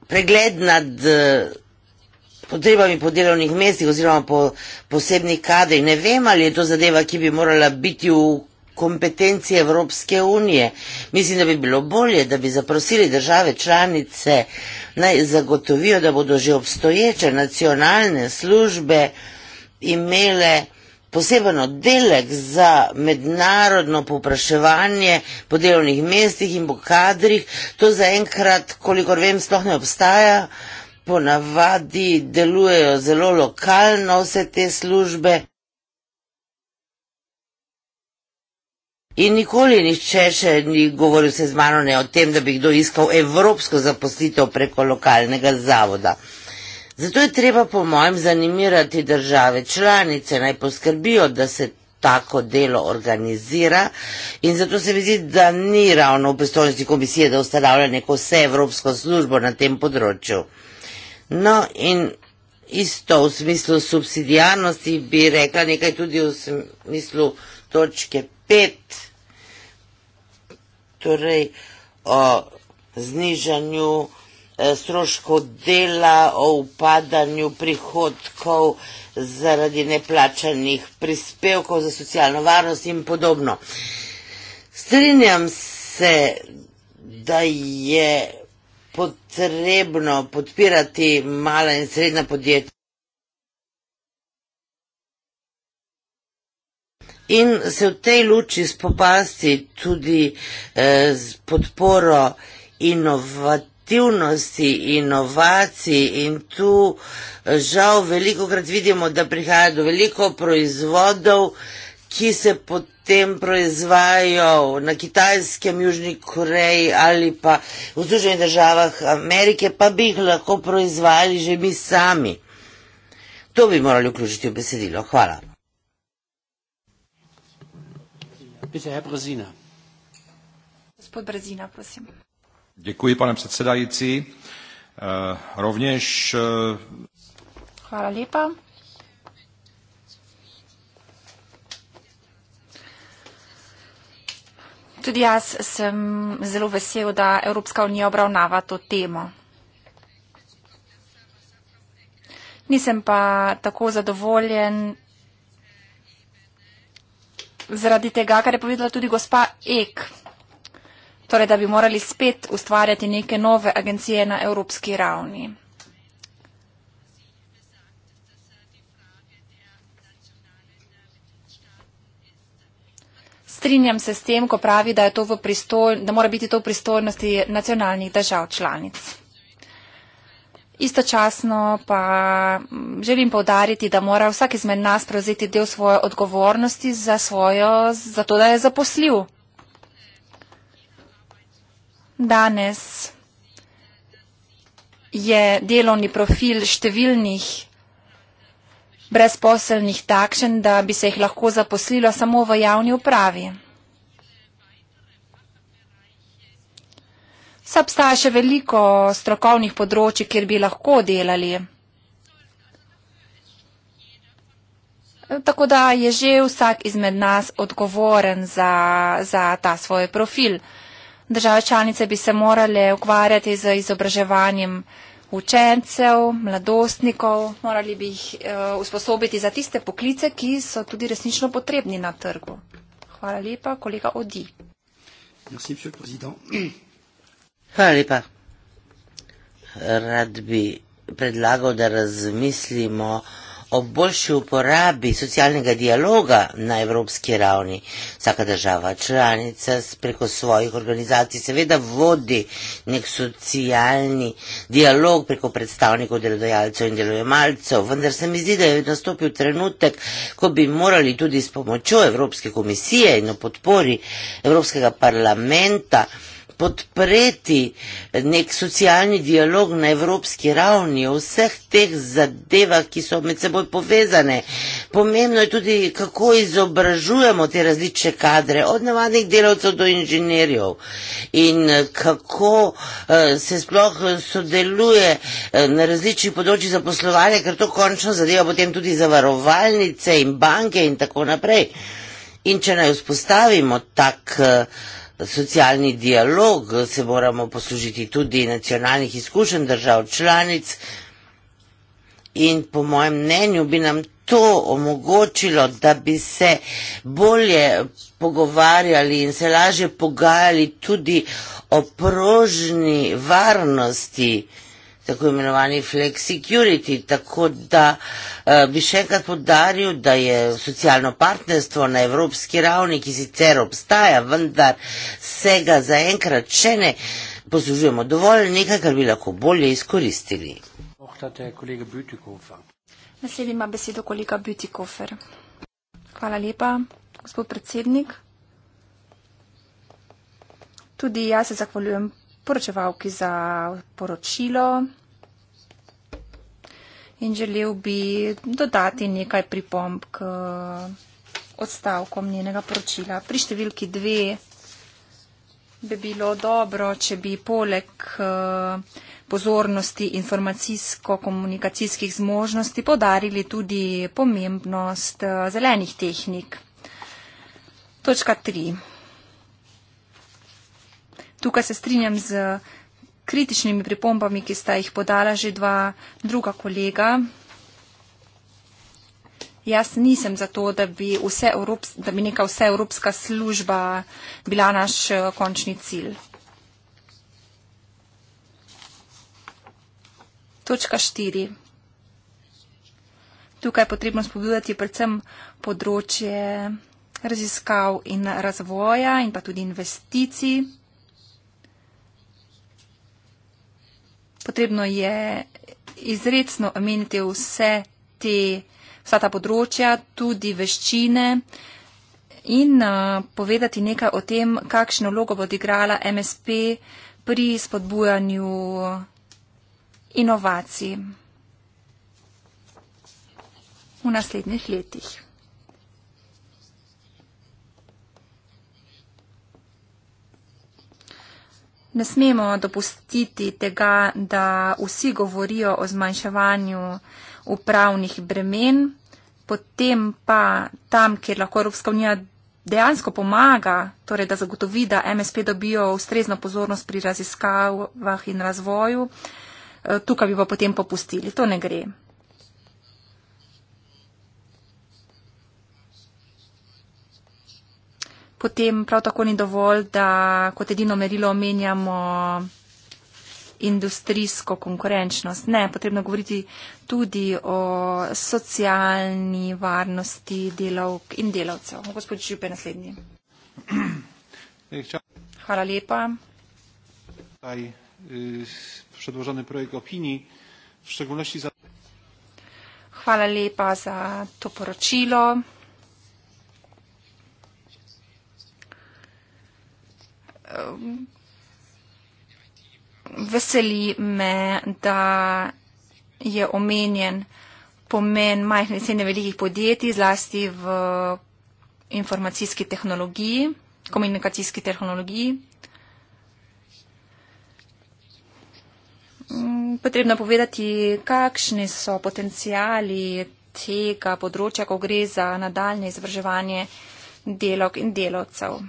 pregled nad potrebami po delovnih mestih oziroma po posebnih kadrih. Ne vem, ali je to zadeva, ki bi morala biti v kompetenci Evropske unije. Mislim, da bi bilo bolje, da bi zaprosili države članice, naj zagotovijo, da bodo že obstoječe nacionalne službe imele poseben oddelek za mednarodno popraševanje po delovnih mestih in po kadrih. To zaenkrat, kolikor vem, sploh ne obstaja ponavadi delujejo zelo lokalno vse te službe in nikoli nišče še ni govoril se z mano ne o tem, da bi kdo iskal evropsko zaposlitev preko lokalnega zavoda. Zato je treba po mojem zanimirati države članice, naj poskrbijo, da se tako delo organizira in zato se mi zdi, da ni ravno v pristojnosti komisije, da ustanavlja neko vseevropsko službo na tem področju. No, in isto v smislu subsidijarnosti bi rekla nekaj tudi v smislu točke 5, torej o znižanju e, stroškov dela, o upadanju prihodkov zaradi neplačanih prispevkov za socialno varnost in podobno. Strinjam se, da je potrebno podpirati mala in srednja podjetja. In se v tej luči spopasti tudi eh, z podporo inovativnosti, inovacij in tu eh, žal veliko krat vidimo, da prihaja do veliko proizvodov, eh, ki se potem proizvajajo na Kitajskem, Južni Koreji ali pa v Združenih državah Amerike, pa bi jih lahko proizvajali že mi sami. To bi morali vključiti v besedilo. Hvala. Gospod Brezina, prosim. Děkuji, pane předsedající. Eh, rovněž. Eh, Hvala lepa. Tudi jaz sem zelo vesel, da Evropska unija obravnava to temo. Nisem pa tako zadovoljen zaradi tega, kar je povedala tudi gospa Ek. Torej, da bi morali spet ustvarjati neke nove agencije na evropski ravni. Strinjam se s tem, ko pravi, da, pristoj, da mora biti to v pristojnosti nacionalnih držav članic. Istočasno pa mm, želim povdariti, da mora vsak izmed nas prevzeti del svoje odgovornosti za, svojo, za to, da je zaposljiv. Danes je delovni profil številnih brezposelnih takšen, da bi se jih lahko zaposlilo samo v javni upravi. Vsa obstaja še veliko strokovnih področji, kjer bi lahko delali. Tako da je že vsak izmed nas odgovoren za, za ta svoj profil. Države članice bi se morale ukvarjati z izobraževanjem učencev, mladostnikov, morali bi jih eh, usposobiti za tiste poklice, ki so tudi resnično potrebni na trgu. Hvala lepa, kolega Odi. Hvala lepa. Rad bi predlagal, da razmislimo, ob boljši uporabi socialnega dialoga na evropski ravni. Vsaka država članica preko svojih organizacij seveda vodi nek socialni dialog preko predstavnikov delodajalcev in delojemalcev, vendar se mi zdi, da je nastopil trenutek, ko bi morali tudi s pomočjo Evropske komisije in v podpori Evropskega parlamenta podpreti nek socialni dialog na evropski ravni o vseh teh zadevah, ki so med seboj povezane. Pomembno je tudi, kako izobražujemo te različne kadre, od navadnih delavcev do inženirjev in eh, kako uh, se sploh sodeluje uh, na različnih področjih zaposlovanja, ker to končno zadeva potem tudi zavarovalnice in banke in tako naprej. In če naj vzpostavimo tak uh, socialni dialog, se moramo poslužiti tudi nacionalnih izkušenj držav članic in po mojem mnenju bi nam to omogočilo, da bi se bolje pogovarjali in se lažje pogajali tudi o prožni varnosti tako imenovani flexicurity, tako da eh, bi še enkrat podaril, da je socialno partnerstvo na evropski ravni, ki sicer obstaja, vendar se ga zaenkrat še ne poslužujemo dovolj, nekaj, kar bi lahko bolje izkoristili. Naslednji ima besedo kolega Bütikofer. Hvala lepa, gospod predsednik. Tudi jaz se zahvaljujem poročevalki za poročilo in želel bi dodati nekaj pripomb k odstavkom njenega poročila. Pri številki dve bi bilo dobro, če bi poleg eh, pozornosti informacijsko-komunikacijskih zmožnosti podarili tudi pomembnost eh, zelenih tehnik. Točka tri. Tukaj se strinjam z kritičnimi pripombami, ki sta jih podala že dva druga kolega. Jaz nisem za to, da bi, vse Evrops, da bi neka vseevropska služba bila naš eh, končni cilj. Točka štiri. Tukaj je potrebno spodbudati predvsem področje raziskav in razvoja in pa tudi investicij. potrebno je izredno omeniti vse te, vsa ta področja, tudi veščine in uh, povedati nekaj o tem, kakšno vlogo bo odigrala MSP pri spodbujanju inovacij v naslednjih letih. Ne smemo dopustiti tega, da vsi govorijo o zmanjševanju upravnih bremen, potem pa tam, kjer lahko Evropska unija dejansko pomaga, torej da zagotovi, da MSP dobijo ustrezno pozornost pri raziskavah in razvoju, eh, tukaj bi pa potem popustili. To ne gre. Potem prav tako ni dovolj, da kot edino merilo omenjamo industrijsko konkurenčnost. Ne, potrebno govoriti tudi o socialni varnosti delovk in delavcev. Gospod Žipe, naslednji. Hvala lepa. Hvala lepa za to poročilo. Ehm, veseli me, da je omenjen pomen majhne cene velikih podjetij, zlasti v informacijski tehnologiji, komunikacijski tehnologiji. Ehm, potrebno povedati, kakšni so potencijali tega področja, ko gre za nadaljne izvrževanje delov in delovcev.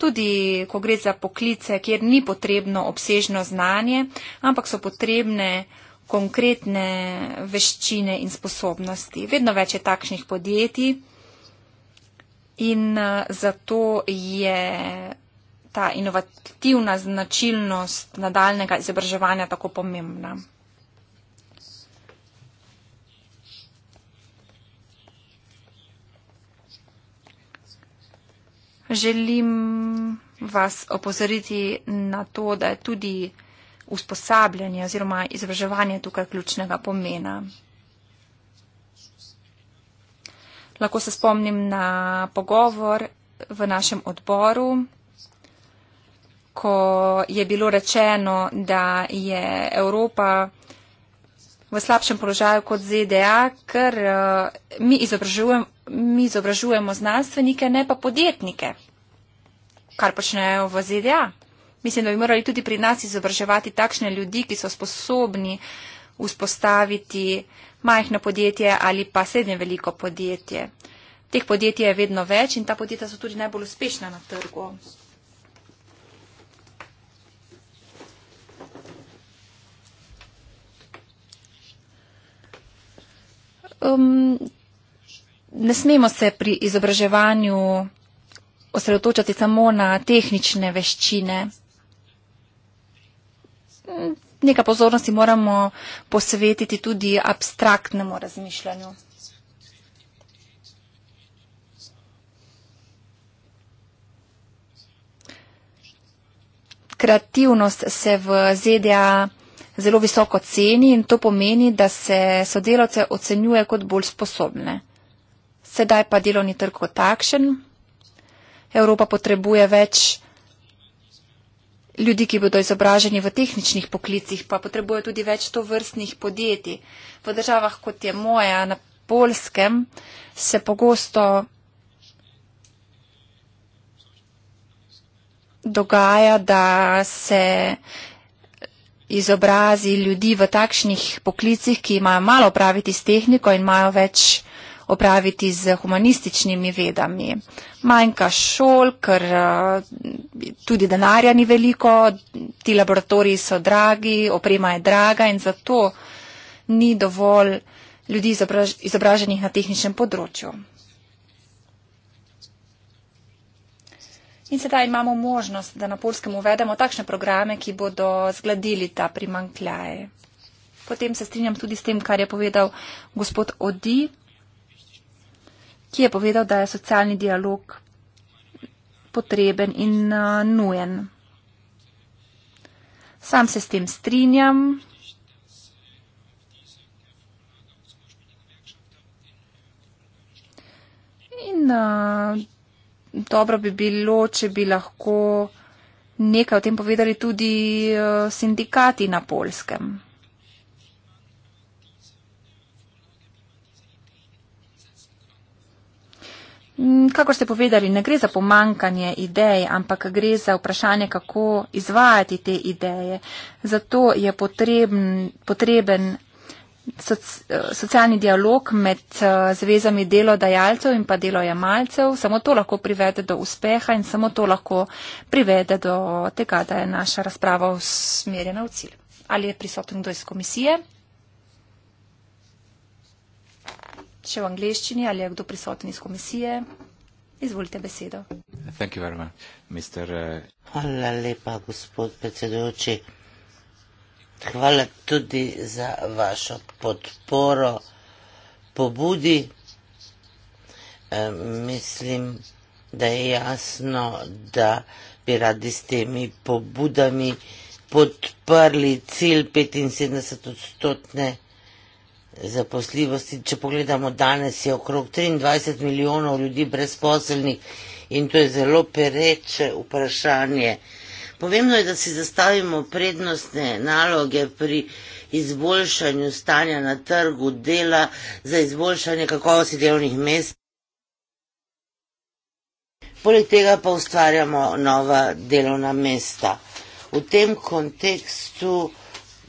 tudi ko gre za poklice, kjer ni potrebno obsežno znanje, ampak so potrebne konkretne veščine in sposobnosti. Vedno več je takšnih podjetij in eh, zato je ta inovativna značilnost nadaljnega izobraževanja tako pomembna. Želim vas opozoriti na to, da je tudi usposabljanje oziroma izobraževanje tukaj ključnega pomena. Lahko se spomnim na pogovor v našem odboru, ko je bilo rečeno, da je Evropa v slabšem položaju kot ZDA, ker eh, mi izobražujemo mi izobražujemo znanstvenike, ne pa podjetnike, kar počnejo v ZDA. Mislim, da bi morali tudi pri nas izobraževati takšne ljudi, ki so sposobni vzpostaviti majhno podjetje ali pa srednje veliko podjetje. Teh podjetij je vedno več in ta podjetja so tudi najbolj uspešna na trgu. Um, ne smemo se pri izobraževanju osredotočati samo na tehnične veščine. Neka pozornosti moramo posvetiti tudi abstraktnemu razmišljanju. Kreativnost se v ZDA zelo visoko ceni in to pomeni, da se sodelavce ocenjuje kot bolj sposobne. Sedaj pa delovni trg kot takšen. Evropa potrebuje več ljudi, ki bodo izobraženi v tehničnih poklicih, pa potrebuje tudi več to vrstnih podjetij. V državah, kot je moja, na Polskem, se pogosto dogaja, da se izobrazi ljudi v takšnih poklicih, ki imajo malo praviti s tehniko in imajo več opraviti z humanističnimi vedami. Manjka šol, ker eh, tudi denarja ni veliko, ti laboratoriji so dragi, oprema je draga in zato ni dovolj ljudi izobraž izobraženih na tehničnem področju. In sedaj imamo možnost, da na polskem uvedemo takšne programe, ki bodo zgladili ta primankljaj. Potem se strinjam tudi s tem, kar je povedal gospod Odi ki je povedal, da je socialni dialog potreben in uh, nujen. Sam se s tem strinjam. In uh, dobro bi bilo, če bi lahko nekaj o tem povedali tudi uh, sindikati na polskem. Mm, kako ste povedali, ne gre za pomankanje idej, ampak gre za vprašanje, kako izvajati te ideje. Zato je potreben, potreben eh, socialni dialog med eh, zvezami delodajalcev in pa delojemalcev. Samo to lahko privede do uspeha in samo to lahko privede do tega, da je naša razprava usmerjena v cilj. Ali je prisoten kdo iz komisije? še v angleščini ali je kdo prisoten iz komisije. Izvolite besedo. Eh, Hvala lepa, gospod predsedujoči. Hvala tudi za vašo podporo pobudi. E, mislim, da je jasno, da bi radi s temi pobudami podprli cilj 75 odstotne zaposljivosti. Če pogledamo danes, je okrog 23 milijonov ljudi brezposelnih in to je zelo pereče vprašanje. Pomembno je, da si zastavimo prednostne naloge pri izboljšanju stanja na trgu dela za izboljšanje kakovosti delovnih mest. Poleg tega pa ustvarjamo nova delovna mesta. V tem kontekstu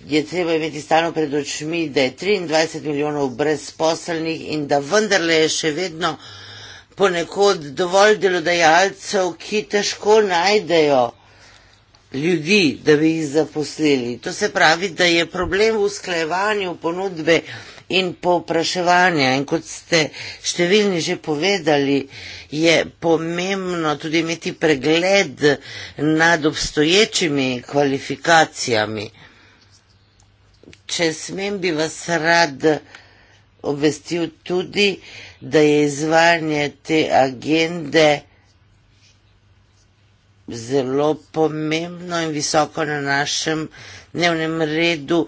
je treba imeti stano pred očmi, da je 23 milijonov brezposelnih in da vendarle je še vedno ponekod dovolj delodajalcev, ki težko najdejo ljudi, da bi jih zaposlili. To se pravi, da je problem v usklajevanju ponudbe in popraševanja. In kot ste številni že povedali, je pomembno tudi imeti pregled nad obstoječimi kvalifikacijami če smem, bi vas rad obvestil tudi, da je izvajanje te agende zelo pomembno in visoko na našem dnevnem redu.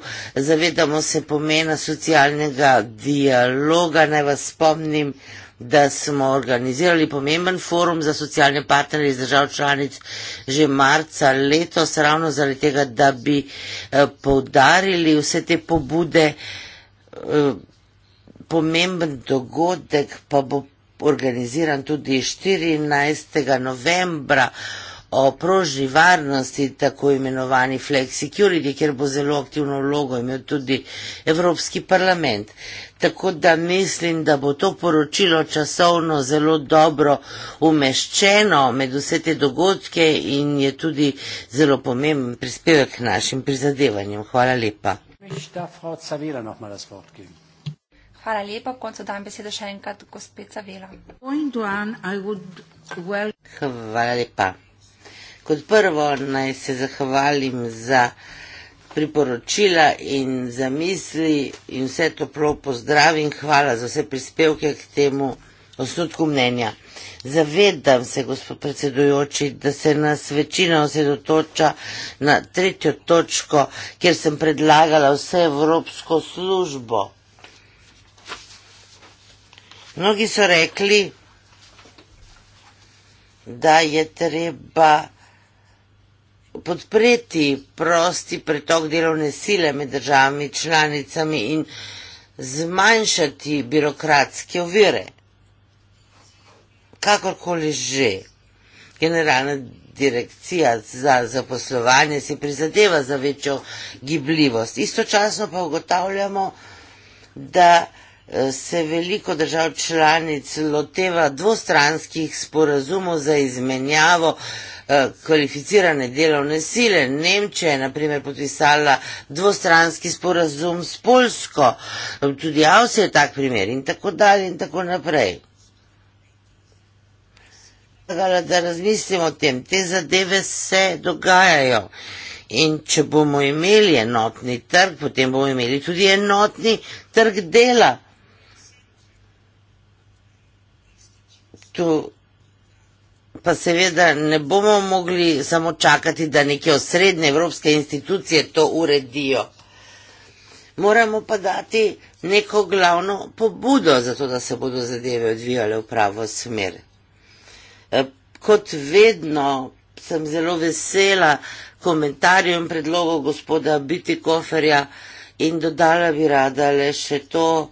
Zavedamo se pomena socialnega dialoga. Naj vas spomnim, da je da smo organizirali pomemben forum za socialne partnerje iz držav članic že marca letos, ravno zaradi tega, da bi eh, poudarili vse te pobude. Eh, pomemben dogodek pa bo organiziran tudi 14. novembra o prožni varnosti, tako imenovani Flex Security, kjer bo zelo aktivno vlogo imel tudi Evropski parlament tako da mislim, da bo to poročilo časovno zelo dobro umeščeno med vse te dogodke in je tudi zelo pomemben prispevek k našim prizadevanjem. Hvala lepa. Hvala lepa, v koncu dam besedo še enkrat gospe Cavela. Hvala lepa. Kot prvo naj se zahvalim za priporočila in zamisli in vse toplo pozdravim. Hvala za vse prispevke k temu osnutku mnenja. Zavedam se, gospod predsedujoči, da se nas večina osredotoča na tretjo točko, kjer sem predlagala vse Evropsko službo. Mnogi so rekli, da je treba podpreti prosti pretok delovne sile med državami članicami in zmanjšati birokratske ovire. Kakorkoli že, generalna direkcija za zaposlovanje si prizadeva za večjo gibljivost. Istočasno pa ugotavljamo, da se veliko držav članic loteva dvostranskih sporazumov za izmenjavo eh, kvalificirane delovne sile. Nemčija je, naprimer, podpisala dvostranski sporazum s Polsko, tudi Avstrija je tak primer in tako dalje in tako naprej. Da razmislimo o tem, te zadeve se dogajajo in če bomo imeli enotni trg, potem bomo imeli tudi enotni trg dela. mestu, pa seveda ne bomo mogli samo čakati, da neke osrednje evropske institucije to uredijo. Moramo pa dati neko glavno pobudo za to, da se bodo zadeve odvijale v pravo smer. E, kot vedno sem zelo vesela komentarjev in predlogov gospoda Biti Koferja in dodala bi rada le še to,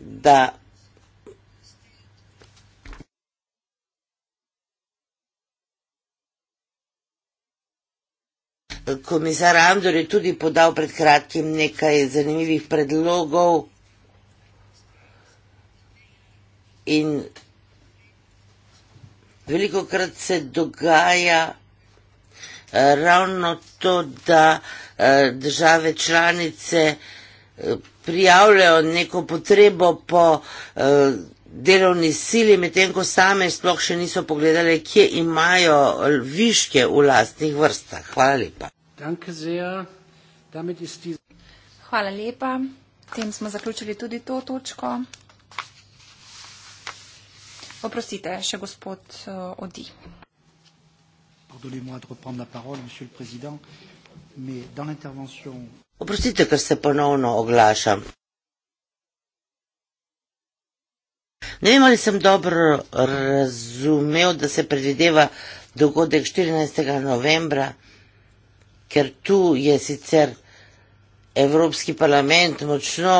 da komisar Andor je tudi podal pred kratkim nekaj zanimivih predlogov in veliko krat se dogaja eh, ravno to, da eh, države članice eh, prijavljajo neko potrebo po delovni sili, medtem ko same sploh še niso pogledali, kje imajo viške v lastnih vrstah. Hvala lepa. Hvala lepa. Tem smo zaključili tudi to točko. Oprostite, še gospod eh, Odi. Oprostite, ker se ponovno oglašam. Ne vem, ali sem dobro razumel, da se predvideva dogodek 14. novembra ker tu je sicer Evropski parlament močno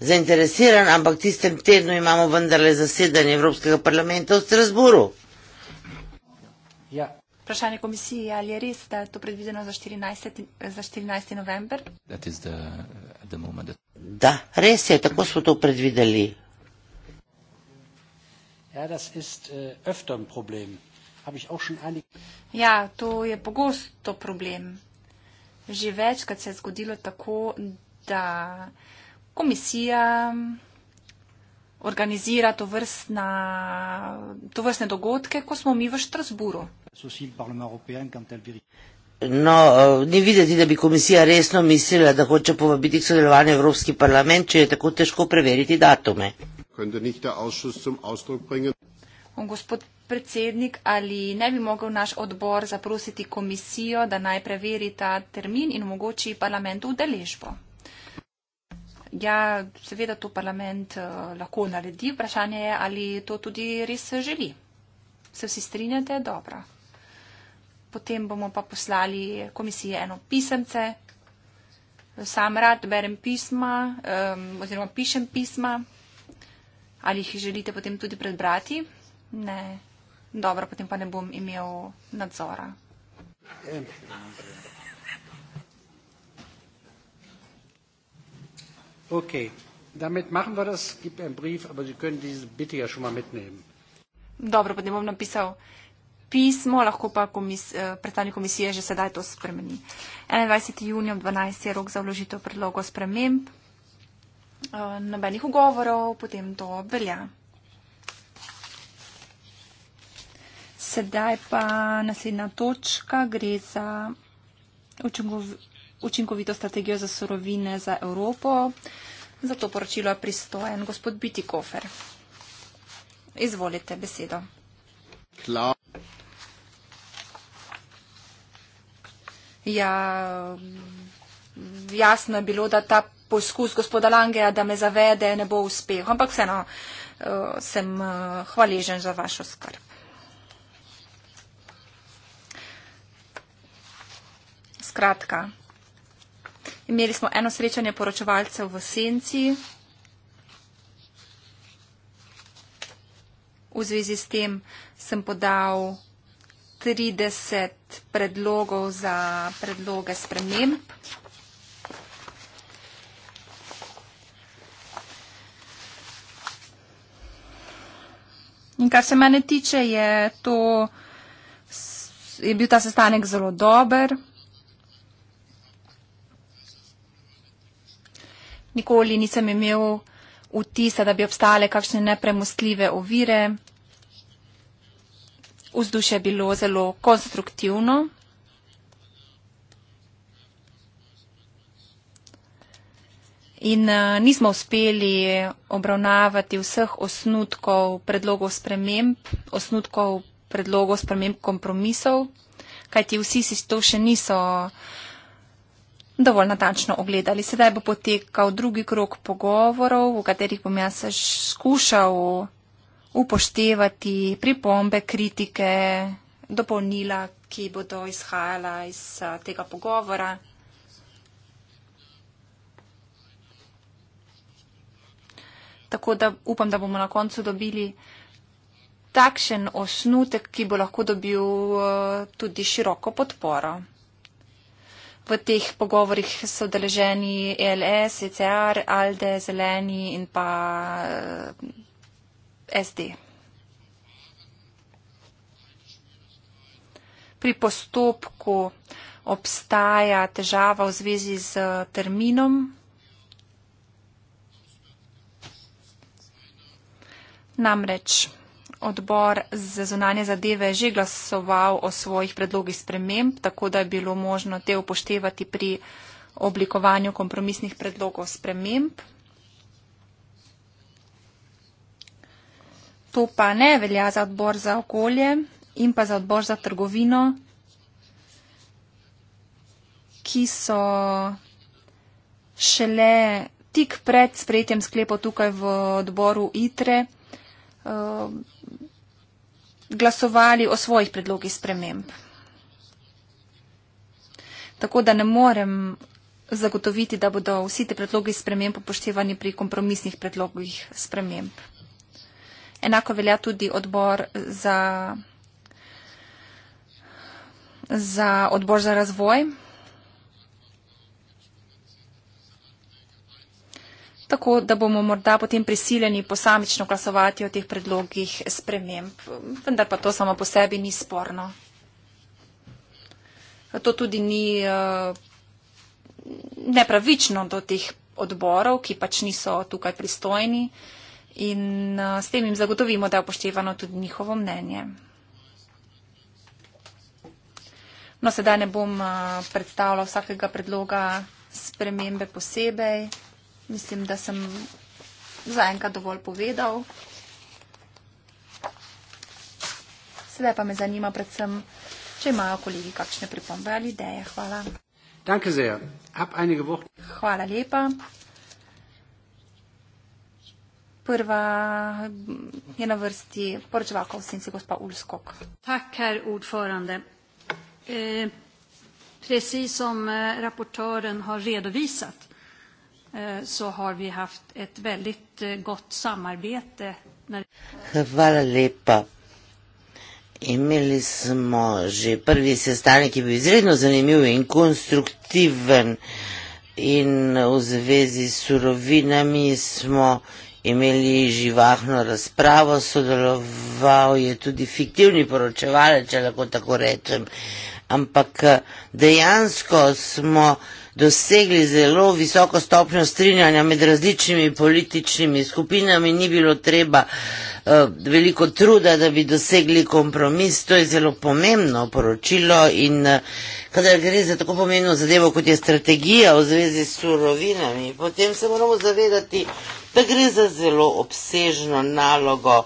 zainteresiran, ampak tistem tednu imamo vendarle zasedanje Evropskega parlamenta v Strasburu. Ja. Vprašanje komisije, ali je res, da je to predvideno za 14. Za 14. november? The, the that... Da, res je, tako smo to predvideli. Ja, das ist, uh, öfter ein ich auch schon einig... ja to je pogosto problem že večkrat se je zgodilo tako, da komisija organizira to, vrstna, to vrstne dogodke, ko smo mi v Štrasburu. No, eh, ni videti, da bi komisija resno mislila, da hoče povabiti k sodelovanju Evropski parlament, če je tako težko preveriti datume. Gospod predsednik ali ne bi mogel naš odbor zaprositi komisijo, da naj preveri ta termin in omogoči parlamentu udeležbo. Ja, seveda to parlament eh, lahko naredi. Vprašanje je, ali to tudi res želi. Se vsi strinjate? Dobro. Potem bomo pa poslali komisiji eno pisemce. Sam rad berem pisma oziroma pišem pisma. Ali jih želite potem tudi predbrati? Ne dobro, potem pa ne bom imel nadzora. Ok, damit machen wir das, gib ein brief, aber Sie können diese bitte ja schon mal mitnehmen. Dobro, potem bom napisal pismo, lahko pa komis, eh, predstavnik komisije že sedaj to spremeni. 21. junija 12. je rok za vložitev predlogo sprememb, eh, nobenih ugovorov, potem to velja. Sedaj pa naslednja točka gre za učinkovito strategijo za sorovine za Evropo. Za to poročilo je pristojen gospod Biti Kofer. Izvolite besedo. Kla ja, jasno je bilo, da ta poskus gospoda Langeja, da me zavede, ne bo uspel, ampak vseeno eh, sem eh, hvaležen za vašo skrb. Skratka, imeli smo eno srečanje poročevalcev v senci v zvezi s tem sem podal 30 predlogov za predloge sprememb. In kar se mene tiče, je, to, je bil ta sestanek zelo dober. Nikoli nisem imel vtisa, da bi obstale kakšne nepremostljive ovire. Vzdušje je bilo zelo konstruktivno. In eh, nismo uspeli obravnavati vseh osnutkov predlogov sprememb, osnutkov predlogov sprememb kompromisov, kajti vsi si to še niso dovolj natančno ogledali. Sedaj bo potekal drugi krok pogovorov, v katerih bom jaz skušal upoštevati pripombe, kritike, dopolnila, ki bodo izhajala iz tega pogovora. Tako da upam, da bomo na koncu dobili takšen osnutek, ki bo lahko dobil tudi široko podporo v teh pogovorjih so deleženi ELS, ECR, ALDE, Zeleni in pa eh, SD. Pri postopku obstaja težava v zvezi z terminom. Namreč odbor za zunanje zadeve že glasoval o svojih predlogih sprememb, tako da je bilo možno te upoštevati pri oblikovanju kompromisnih predlogov sprememb. To pa ne velja za odbor za okolje in pa za odbor za trgovino, ki so šele tik pred sprejetjem sklepov tukaj v odboru ITRE ehm, glasovali o svojih predlogih sprememb. Tako da ne morem zagotoviti, da bodo vsi te predlogi sprememb upoštevani pri kompromisnih predlogih sprememb. Enako velja tudi odbor za, za odbor za razvoj. tako da bomo morda potem prisiljeni posamično glasovati o teh predlogih sprememb. Vendar pa to samo po sebi ni sporno. To tudi ni eh, nepravično do teh odborov, ki pač niso tukaj pristojni in eh, s tem jim zagotovimo, da je upoštevano tudi njihovo mnenje. No, sedaj ne bom eh, predstavljala vsakega predloga spremembe posebej mislim, da sem za enkrat dovolj povedal. Sedaj pa me zanima predvsem, če imajo kolegi kakšne pripombe ali ideje. Hvala. Hvala lepa. Prva je na vrsti poročevalka v senci gospa Ulskog. Tak, her odforande. Eh, precis som eh, rapportören har redovisat Eh, så har vi haft ett väldigt eh, gott samarbete. När... Hvala lepa. Imeli smo že prvi sestanek, ki je bil izredno zanimiv in konstruktiven in v zvezi s surovinami smo imeli živahno razpravo, sodeloval je tudi fiktivni poročevalec, če lahko tako rečem. Ampak eh, dejansko smo dosegli zelo visoko stopnjo strinjanja med različnimi političnimi skupinami, ni bilo treba eh, veliko truda, da bi dosegli kompromis. To je zelo pomembno poročilo in eh, kadar gre za tako pomembno zadevo, kot je strategija v zvezi s surovinami, potem se moramo zavedati, da gre za zelo obsežno nalogo,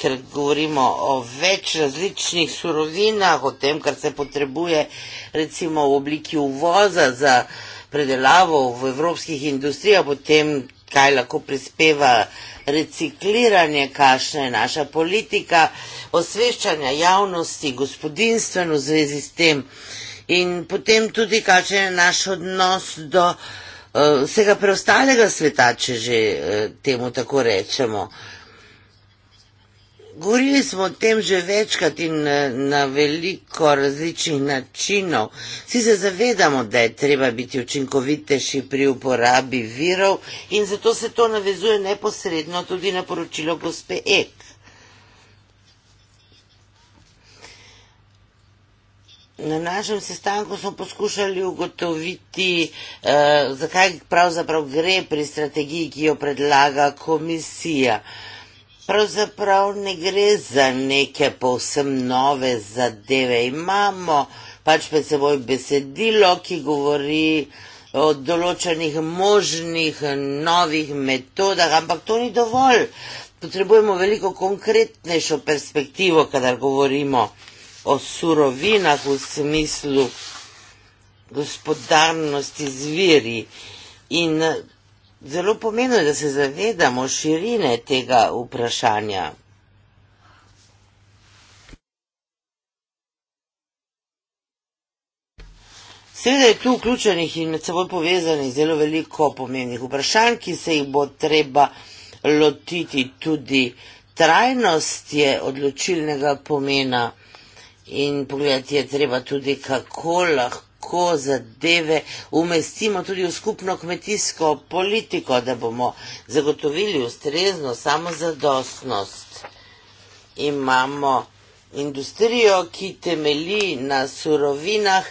ker govorimo o več različnih surovinah, o tem, kar se potrebuje recimo v obliki uvoza za predelavo v evropskih industrijah, potem kaj lahko prispeva recikliranje, kakšna je naša politika osveščanja javnosti, gospodinstveno v zvezi s tem in potem tudi kakšen je naš odnos do uh, vsega preostalega sveta, če že uh, temu tako rečemo. Uh, Govorili smo o tem že večkrat in eh, na veliko različnih načinov. Vsi se zavedamo, da je treba biti učinkovitejši pri uporabi virov in zato se to navezuje neposredno tudi na poročilo gospe Ek. Na našem sestanku smo poskušali ugotoviti, eh, zakaj pravzaprav gre pri strategiji, ki jo predlaga komisija. Eh, pravzaprav ne gre za neke povsem nove zadeve. Imamo pač pred seboj besedilo, ki govori o določenih možnih novih metodah, ampak to ni dovolj. Potrebujemo veliko konkretnejšo perspektivo, kadar govorimo o surovinah v smislu gospodarnosti z viri. In zelo pomembno, da se zavedamo širine tega vprašanja. Seveda je tu vključenih in med seboj povezanih zelo veliko pomembnih vprašanj, ki se jih bo treba lotiti tudi trajnost je odločilnega pomena in pogledati je treba tudi, kako lahko lahko zadeve umestimo tudi v skupno kmetijsko politiko, da bomo zagotovili ustrezno samozadostnost. Imamo industrijo, ki temeli na surovinah,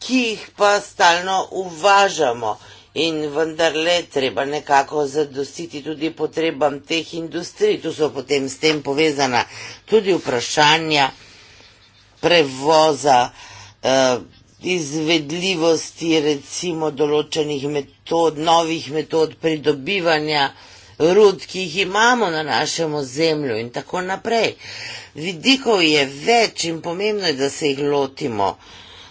ki jih pa stalno uvažamo in vendarle treba nekako zadostiti tudi potrebam teh industrij. Tu so potem s tem povezana tudi vprašanja, prevoza, eh, izvedljivosti recimo določenih metod, novih metod pridobivanja rud, ki jih imamo na našem ozemlju in tako naprej. Vidikov je več in pomembno je, da se jih lotimo,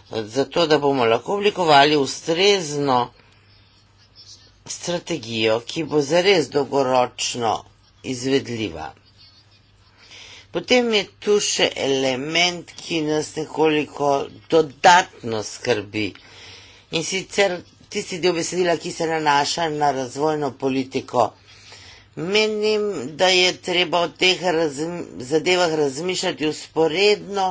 zato da bomo lahko oblikovali ustrezno strategijo, ki bo zares dolgoročno izvedljiva. Potem je tu še element, ki nas nekoliko dodatno skrbi. In sicer tisti del besedila, ki se nanaša na razvojno politiko. Menim, da je treba o teh razmi zadevah razmišljati usporedno,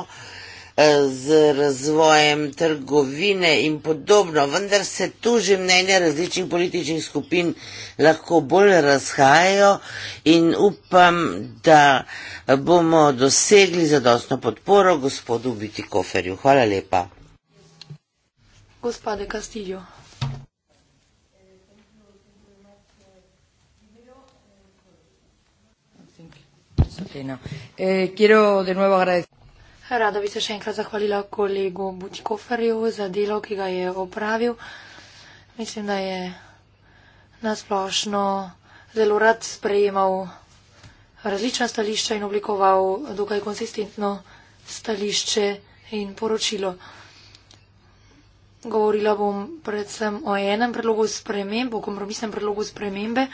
z razvojem trgovine in podobno, vendar se tu že mnenja različnih političnih skupin lahko bolj razhajajo in upam, da bomo dosegli zadostno podporo gospodu Bitikoferju. Hvala lepa. Gospode Castillo. Eh, quiero de nuevo agradecer. Rada bi se še enkrat zahvalila kolegu Butikoferju za delo, ki ga je opravil. Mislim, da je nasplošno zelo rad sprejemal različna stališča in oblikoval dokaj konsistentno stališče in poročilo. Govorila bom predvsem o enem predlogu spremembe, o kompromisnem predlogu spremembe.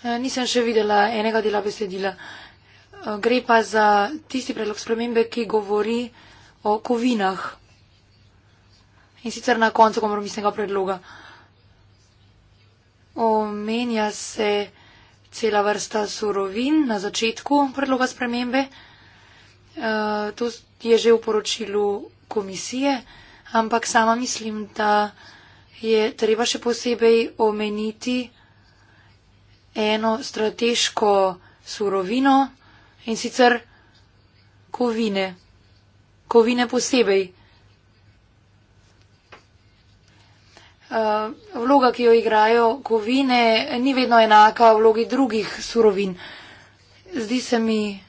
Eh, nisem še videla enega dela besedila. Eh, gre pa za tisti predlog spremembe, ki govori o kovinah. In sicer na koncu kompromisnega predloga. Omenja se cela vrsta surovin na začetku predloga spremembe. Eh, to je že v poročilu komisije, ampak sama mislim, da je treba še posebej omeniti, eno strateško surovino in sicer kovine. Kovine posebej. Eh, vloga, ki jo igrajo kovine, ni vedno enaka vlogi drugih surovin. Zdi se mi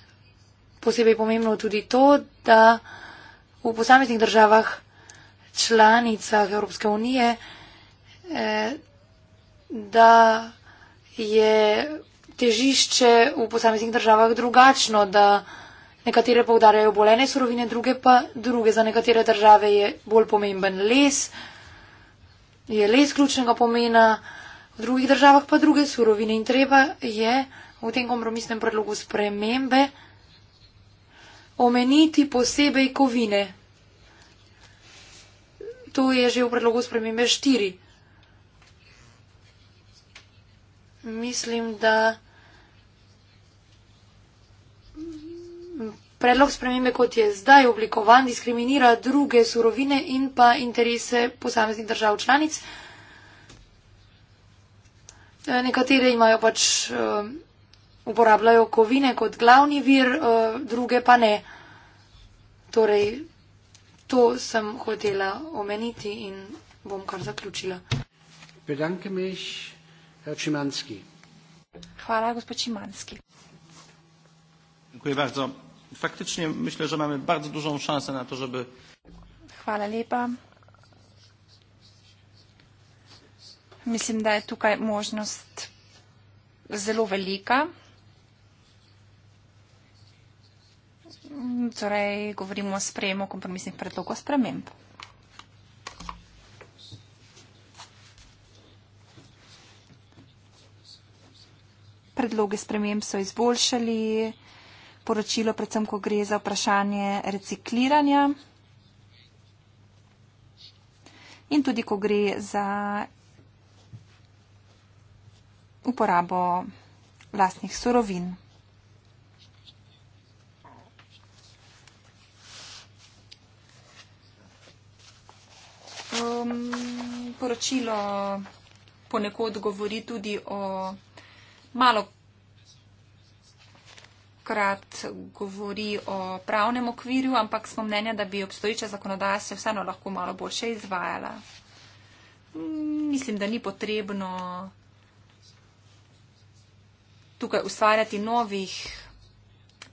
posebej pomembno tudi to, da v posameznih državah članicah Evropske unije, eh, da je težišče v posameznih državah drugačno, da nekatere povdarjajo bolene surovine, druge pa druge. Za nekatere države je bolj pomemben les, je les ključnega pomena, v drugih državah pa druge surovine in treba je v tem kompromisnem predlogu spremembe omeniti posebej kovine. To je že v predlogu spremembe 4. mislim, da predlog spremembe, kot je zdaj oblikovan, diskriminira druge surovine in pa interese posameznih držav članic. Eh, nekatere imajo pač, eh, uporabljajo kovine kot glavni vir, eh, druge pa ne. Torej, to sem hotela omeniti in bom kar zaključila. Bedanke mich. Cimanski. Hvala, gospod Cimanski. Dziękuję bardzo. Faktycznie myślę, że mamy bardzo dużą szansę na to, żeby... Hvala lepa. Mislim, da je tukaj možnost zelo velika. Torej, govorimo o sprejemu kompromisnih predlogov sprememb. predloge sprememb so izboljšali poročilo, predvsem, ko gre za vprašanje recikliranja in tudi, ko gre za uporabo vlastnih surovin. Um, poročilo ponekod govori tudi o malo krat govori o pravnem okvirju, ampak smo mnenja, da bi obstoječa zakonodaja se vseeno lahko malo boljše izvajala. Mislim, da ni potrebno tukaj ustvarjati novih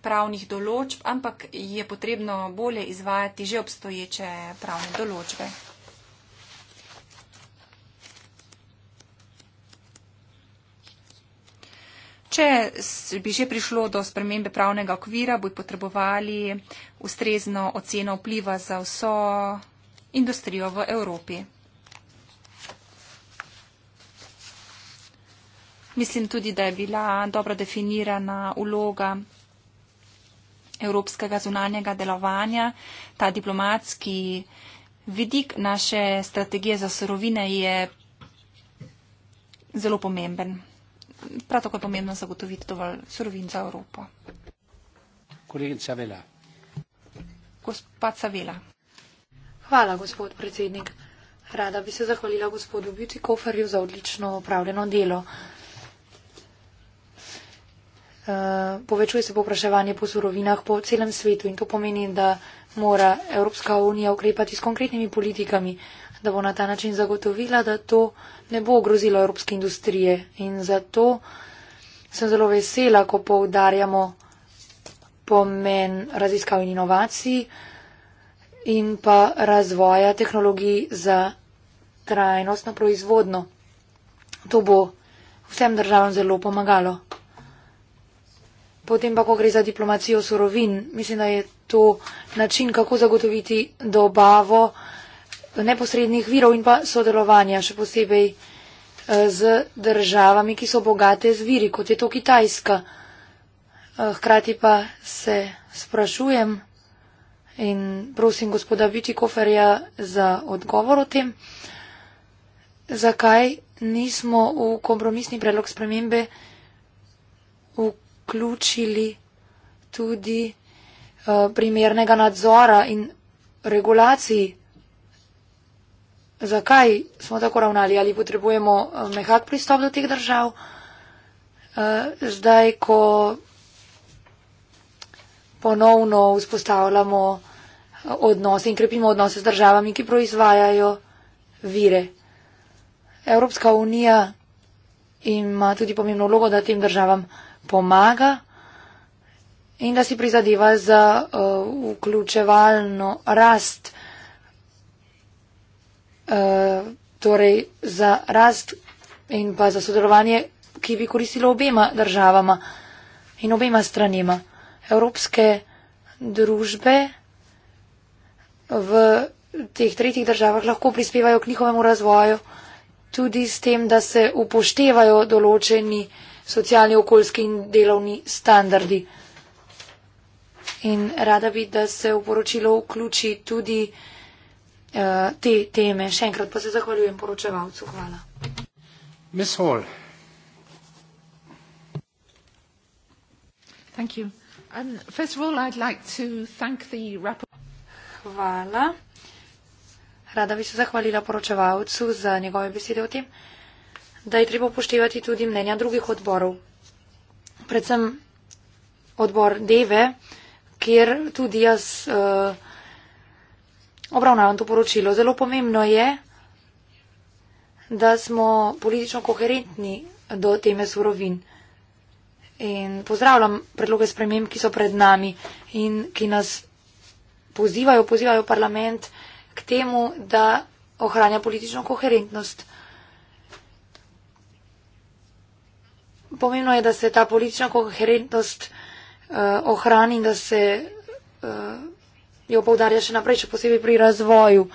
pravnih določb, ampak je potrebno bolje izvajati že obstoječe pravne določbe. Če bi že prišlo do spremembe pravnega okvira, bi potrebovali ustrezno oceno vpliva za vso industrijo v Evropi. Mislim tudi, da je bila dobro definirana uloga evropskega zunanjega delovanja. Ta diplomatski vidik naše strategije za sorovine je zelo pomemben prav tako je pomembno zagotoviti dovolj surovin za Evropo. Kolegica Vela. Gospod Savela. Hvala, gospod predsednik. Rada bi se zahvalila gospodu Bütikoferju za odlično opravljeno delo. Uh, povečuje se popraševanje po surovinah po celem svetu in to pomeni, da mora Evropska unija ukrepati s konkretnimi politikami, da bo na ta način zagotovila, da to ne bo ogrozilo evropske industrije. In zato sem zelo vesela, ko poudarjamo pomen raziskav in inovacij in pa razvoja tehnologij za trajnostno proizvodno. To bo vsem državam zelo pomagalo. Potem pa, ko gre za diplomacijo surovin, mislim, da je to način, kako zagotoviti dobavo neposrednih virov in pa sodelovanja, še posebej eh, z državami, ki so bogate z viri, kot je to Kitajska. Eh, hkrati pa se sprašujem in prosim gospoda Vitikoferja za odgovor o tem, zakaj nismo v kompromisni predlog spremembe vključili tudi eh, primernega nadzora in regulaciji zakaj smo tako ravnali, ali potrebujemo eh, mehak pristop do teh držav, eh, zdaj, ko ponovno vzpostavljamo eh, odnose in krepimo odnose z državami, ki proizvajajo vire. Evropska unija ima tudi pomembno vlogo, da tem državam pomaga in da si prizadeva za uh, vključevalno rast uh, Eh, torej za rast in pa za sodelovanje, ki bi koristilo obema državama in obema stranima. Evropske družbe v teh tretjih državah lahko prispevajo k njihovemu razvoju tudi s tem, da se upoštevajo določeni socialni, okoljski in delovni standardi. In rada bi, da se v poročilo vključi tudi uh, Eh, te teme. Še enkrat pa se zahvaljujem poročevalcu. Hvala. Ms. Hall. Thank you. Um, first of all, I'd like to thank the Hvala. Rada bi se zahvalila poročevalcu za njegove besede o tem, da je treba upoštevati tudi mnenja drugih odborov. Predvsem odbor DEVE, kjer tudi jaz uh, obravnavam to poročilo. Zelo pomembno je, da smo politično koherentni do teme surovin. In pozdravljam predloge sprememb, ki so pred nami in ki nas pozivajo, pozivajo parlament k temu, da ohranja politično koherentnost. Pomembno je, da se ta politična koherentnost uh, ohrani in da se. Uh, jo povdarja še naprej, še posebej pri razvoju.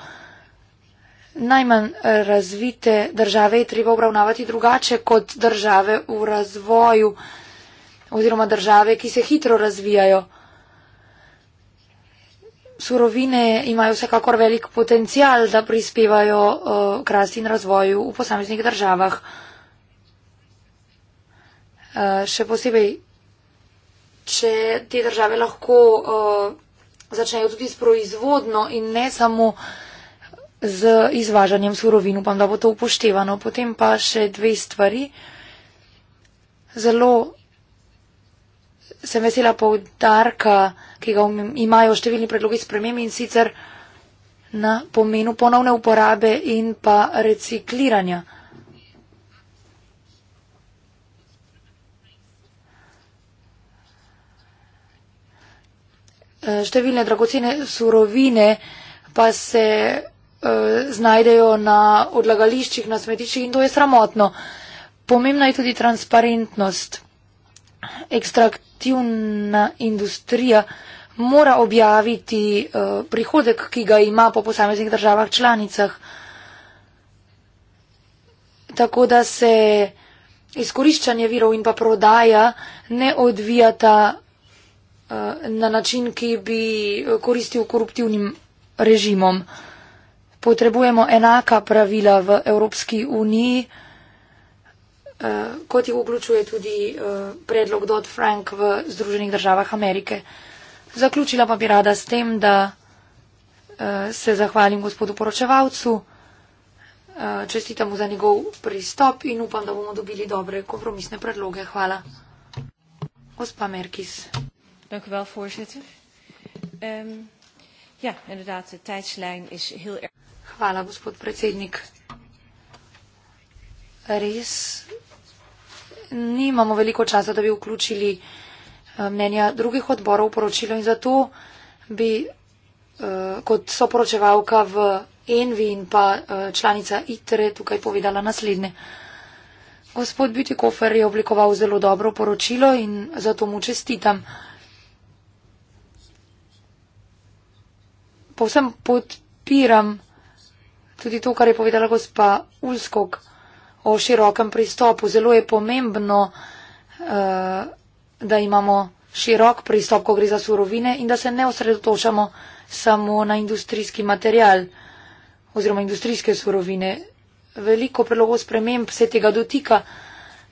Najmanj eh, razvite države je treba obravnavati drugače kot države v razvoju oziroma države, ki se hitro razvijajo. Surovine imajo vsekakor velik potencial, da prispevajo uh, k rasti in razvoju v posameznih državah. Uh, še posebej, če te države lahko uh, začnejo tudi s proizvodno in ne samo z izvažanjem surovin. Upam, da bo to upoštevano. Potem pa še dve stvari. Zelo sem vesela povdarka, ki ga um, imajo številni predlogi spremem in sicer na pomenu ponovne uporabe in pa recikliranja. Eh, številne dragocene surovine pa se eh, znajdejo na odlagališčih, na smetiščih in to je sramotno. Pomembna je tudi transparentnost. Ekstraktivna industrija mora objaviti eh, prihodek, ki ga ima po posameznih državah članicah, tako da se izkoriščanje virov in pa prodaja ne odvijata Eh, na način, ki bi koristil koruptivnim režimom. Potrebujemo enaka pravila v Evropski uniji, eh, kot jih vključuje tudi eh, predlog Dodd Frank v Združenih državah Amerike. Zaključila pa bi rada s tem, da se zahvalim gospodu poročevalcu, čestitam mu za njegov pristop in upam, da bomo dobili dobre kompromisne predloge. Hvala. Gospa Merkis. Dank u wel, voorzitter. Um, ja, inderdaad, de tijdslijn is heel erg. Hvala, gospod predsednik. Res, nimamo veliko časa, da bi vključili eh, mnenja drugih odborov v poročilo in zato bi eh, kot soporočevalka v Envi in pa eh, članica ITRE tukaj povedala naslednje. Gospod Bütikofer je oblikoval zelo dobro poročilo in zato mu čestitam. povsem podpiram tudi to, kar je povedala gospa Ulskog o širokem pristopu. Zelo je pomembno, eh, da imamo širok pristop, ko gre za surovine in da se ne osredotočamo samo na industrijski material oziroma industrijske surovine. Veliko predlogov sprememb se tega dotika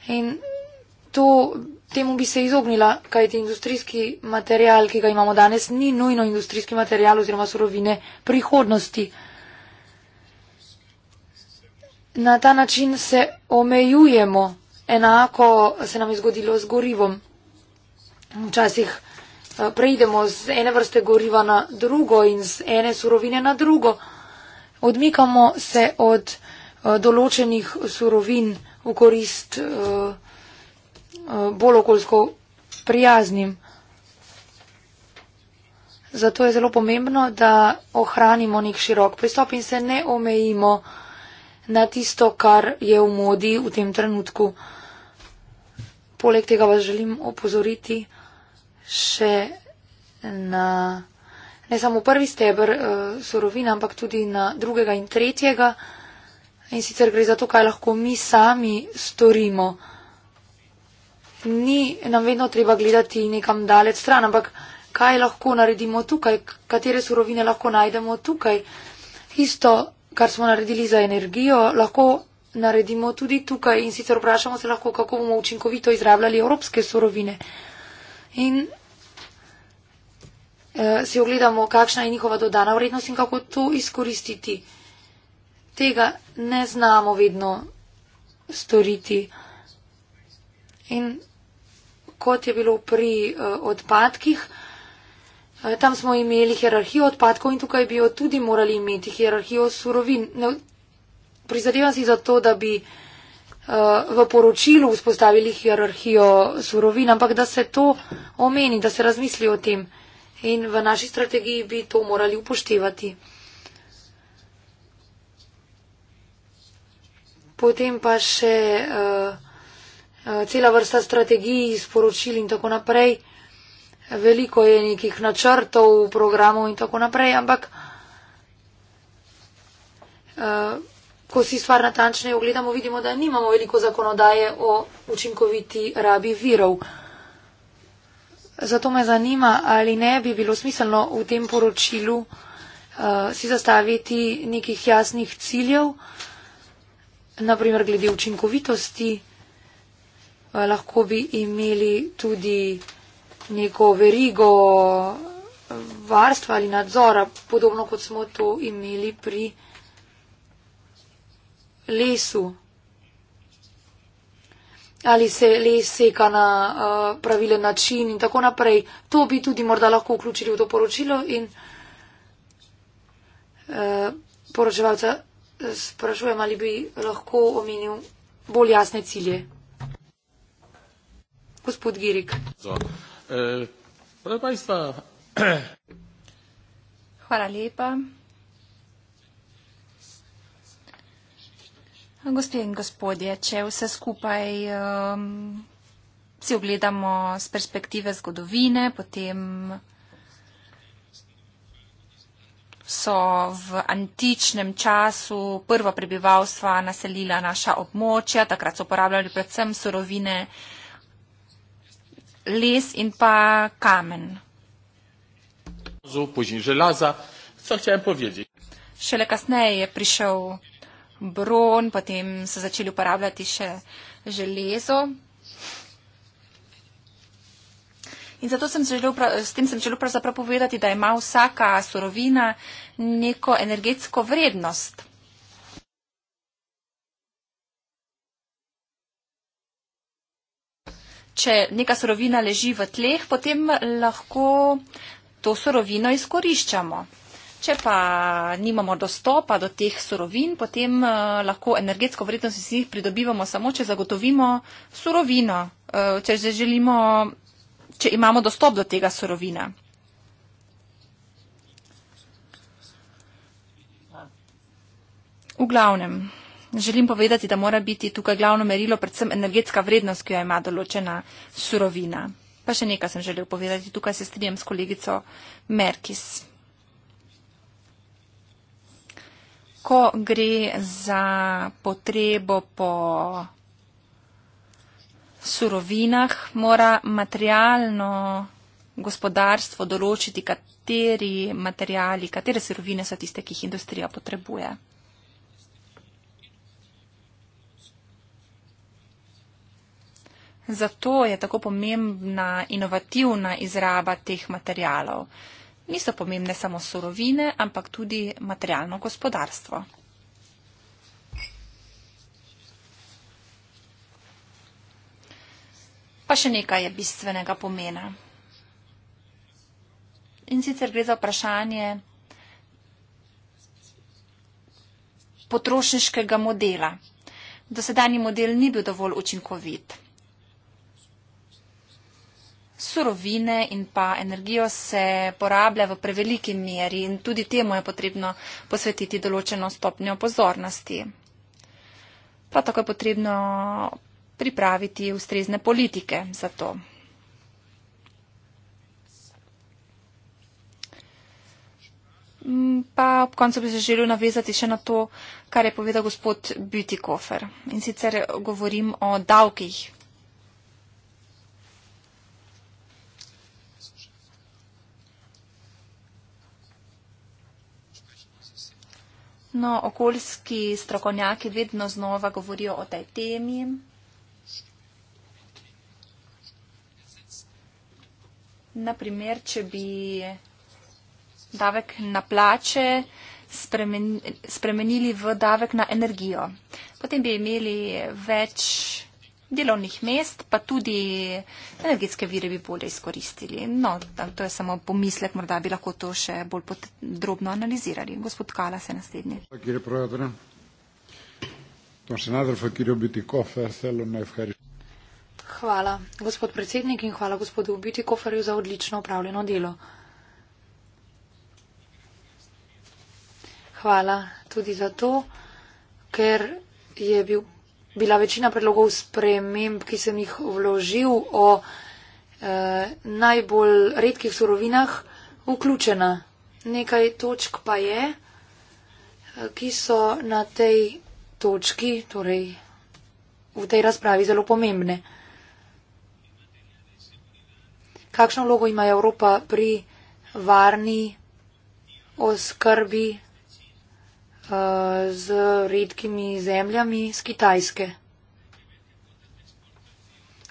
in to temu bi se izognila, kajti industrijski material, ki ga imamo danes, ni nujno industrijski material oziroma surovine prihodnosti. Na ta način se omejujemo, enako se nam je zgodilo z gorivom. Včasih eh, preidemo z ene vrste goriva na drugo in z ene surovine na drugo. Odmikamo se od eh, določenih surovin v korist uh, Eh, bolj okoljsko prijaznim. Zato je zelo pomembno, da ohranimo nek širok pristop in se ne omejimo na tisto, kar je v modi v tem trenutku. Poleg tega vas želim opozoriti še na ne samo prvi stebr e, eh, surovina, ampak tudi na drugega in tretjega. In sicer gre za to, kaj lahko mi sami storimo ni nam vedno treba gledati nekam dalec stran, ampak kaj lahko naredimo tukaj, katere surovine lahko najdemo tukaj. Isto, kar smo naredili za energijo, lahko naredimo tudi tukaj in sicer vprašamo se lahko, kako bomo učinkovito izrabljali evropske surovine. In eh, si ogledamo, kakšna je njihova dodana vrednost in kako to izkoristiti. Tega ne znamo vedno storiti. In kot je bilo pri uh, odpadkih. Eh, tam smo imeli hierarhijo odpadkov in tukaj bi jo tudi morali imeti, hierarhijo surovin. No, prizadevam si za to, da bi eh, v poročilu vzpostavili hierarhijo surovin, ampak da se to omeni, da se razmisli o tem in v naši strategiji bi to morali upoštevati. Potem pa še. Uh, Eh, cela vrsta strategij, sporočil in tako naprej. Veliko je nekih načrtov, programov in tako naprej, ampak eh, ko si stvar natančneje ogledamo, vidimo, da nimamo veliko zakonodaje o učinkoviti rabi virov. Zato me zanima, ali ne bi bilo smiselno v tem poročilu uh, si zastaviti nekih jasnih ciljev, naprimer glede učinkovitosti. Eh, lahko bi imeli tudi neko verigo eh, varstva ali nadzora, podobno kot smo to imeli pri lesu. Ali se les seka na eh, pravilen način in tako naprej. To bi tudi morda lahko vključili v to poročilo in poročevalca sprašujem, ali bi lahko omenil bolj jasne cilje. Eh, Hvala lepa. Gospe in gospodje, če vse skupaj um, si ogledamo z perspektive zgodovine, potem so v antičnem času prva prebivalstva naselila naša območja, takrat so uporabljali predvsem surovine, les in pa kamen. Pozimi železa, co hočem povedati. Šele kasneje je prišel bron, potem so začeli uporabljati še železo. In zato sem želel, s tem sem želel pravzaprav povedati, da ima vsaka surovina neko energetsko vrednost. če neka sorovina leži v tleh, potem lahko to sorovino izkoriščamo. Če pa nimamo dostopa do teh sorovin, potem eh, lahko energetsko vrednost iz njih pridobivamo samo, če zagotovimo sorovino, eh, če, želimo, če imamo dostop do tega sorovina. V glavnem. Želim povedati, da mora biti tukaj glavno merilo predvsem energetska vrednost, ki jo ima določena surovina. Pa še nekaj sem želel povedati, tukaj se strinjam s kolegico Merkis. Ko gre za potrebo po surovinah, mora materialno gospodarstvo določiti, kateri materijali, katere surovine so tiste, ki jih industrija potrebuje. Zato je tako pomembna inovativna izraba teh materialov. Niso pomembne samo surovine, ampak tudi materialno gospodarstvo. Pa še nekaj je bistvenega pomena. In sicer gre za vprašanje potrošniškega modela. Dosedanji model ni bil dovolj učinkovit surovine in pa energijo se porablja v preveliki meri in tudi temu je potrebno posvetiti določeno stopnjo pozornosti. Prav tako je potrebno pripraviti ustrezne politike za to. Mm, pa ob koncu bi se želel navezati še na to, kar je povedal gospod Bütikofer. In sicer govorim o davkih. Trenutno okoljski strokovnjaki vedno znova govorijo o tej temi. Naprimer, če bi davek na plače spremenili v davek na energijo, potem bi imeli več delovnih mest, pa tudi energetske vire bi bolje izkoristili. No, to je samo pomislek, morda bi lahko to še bolj podrobno analizirali. Gospod Kala se naslednji. Hvala, gospod predsednik, in hvala gospodu Biti Koferju za odlično upravljeno delo. Hvala tudi za to, ker je bil bila večina predlogov sprememb, ki sem jih vložil o eh, najbolj redkih surovinah, vključena. Nekaj točk pa je, eh, ki so na tej točki, torej v tej razpravi, zelo pomembne. Kakšno vlogo ima Evropa pri varni oskrbi uh, z redkimi zemljami, z Kitajske.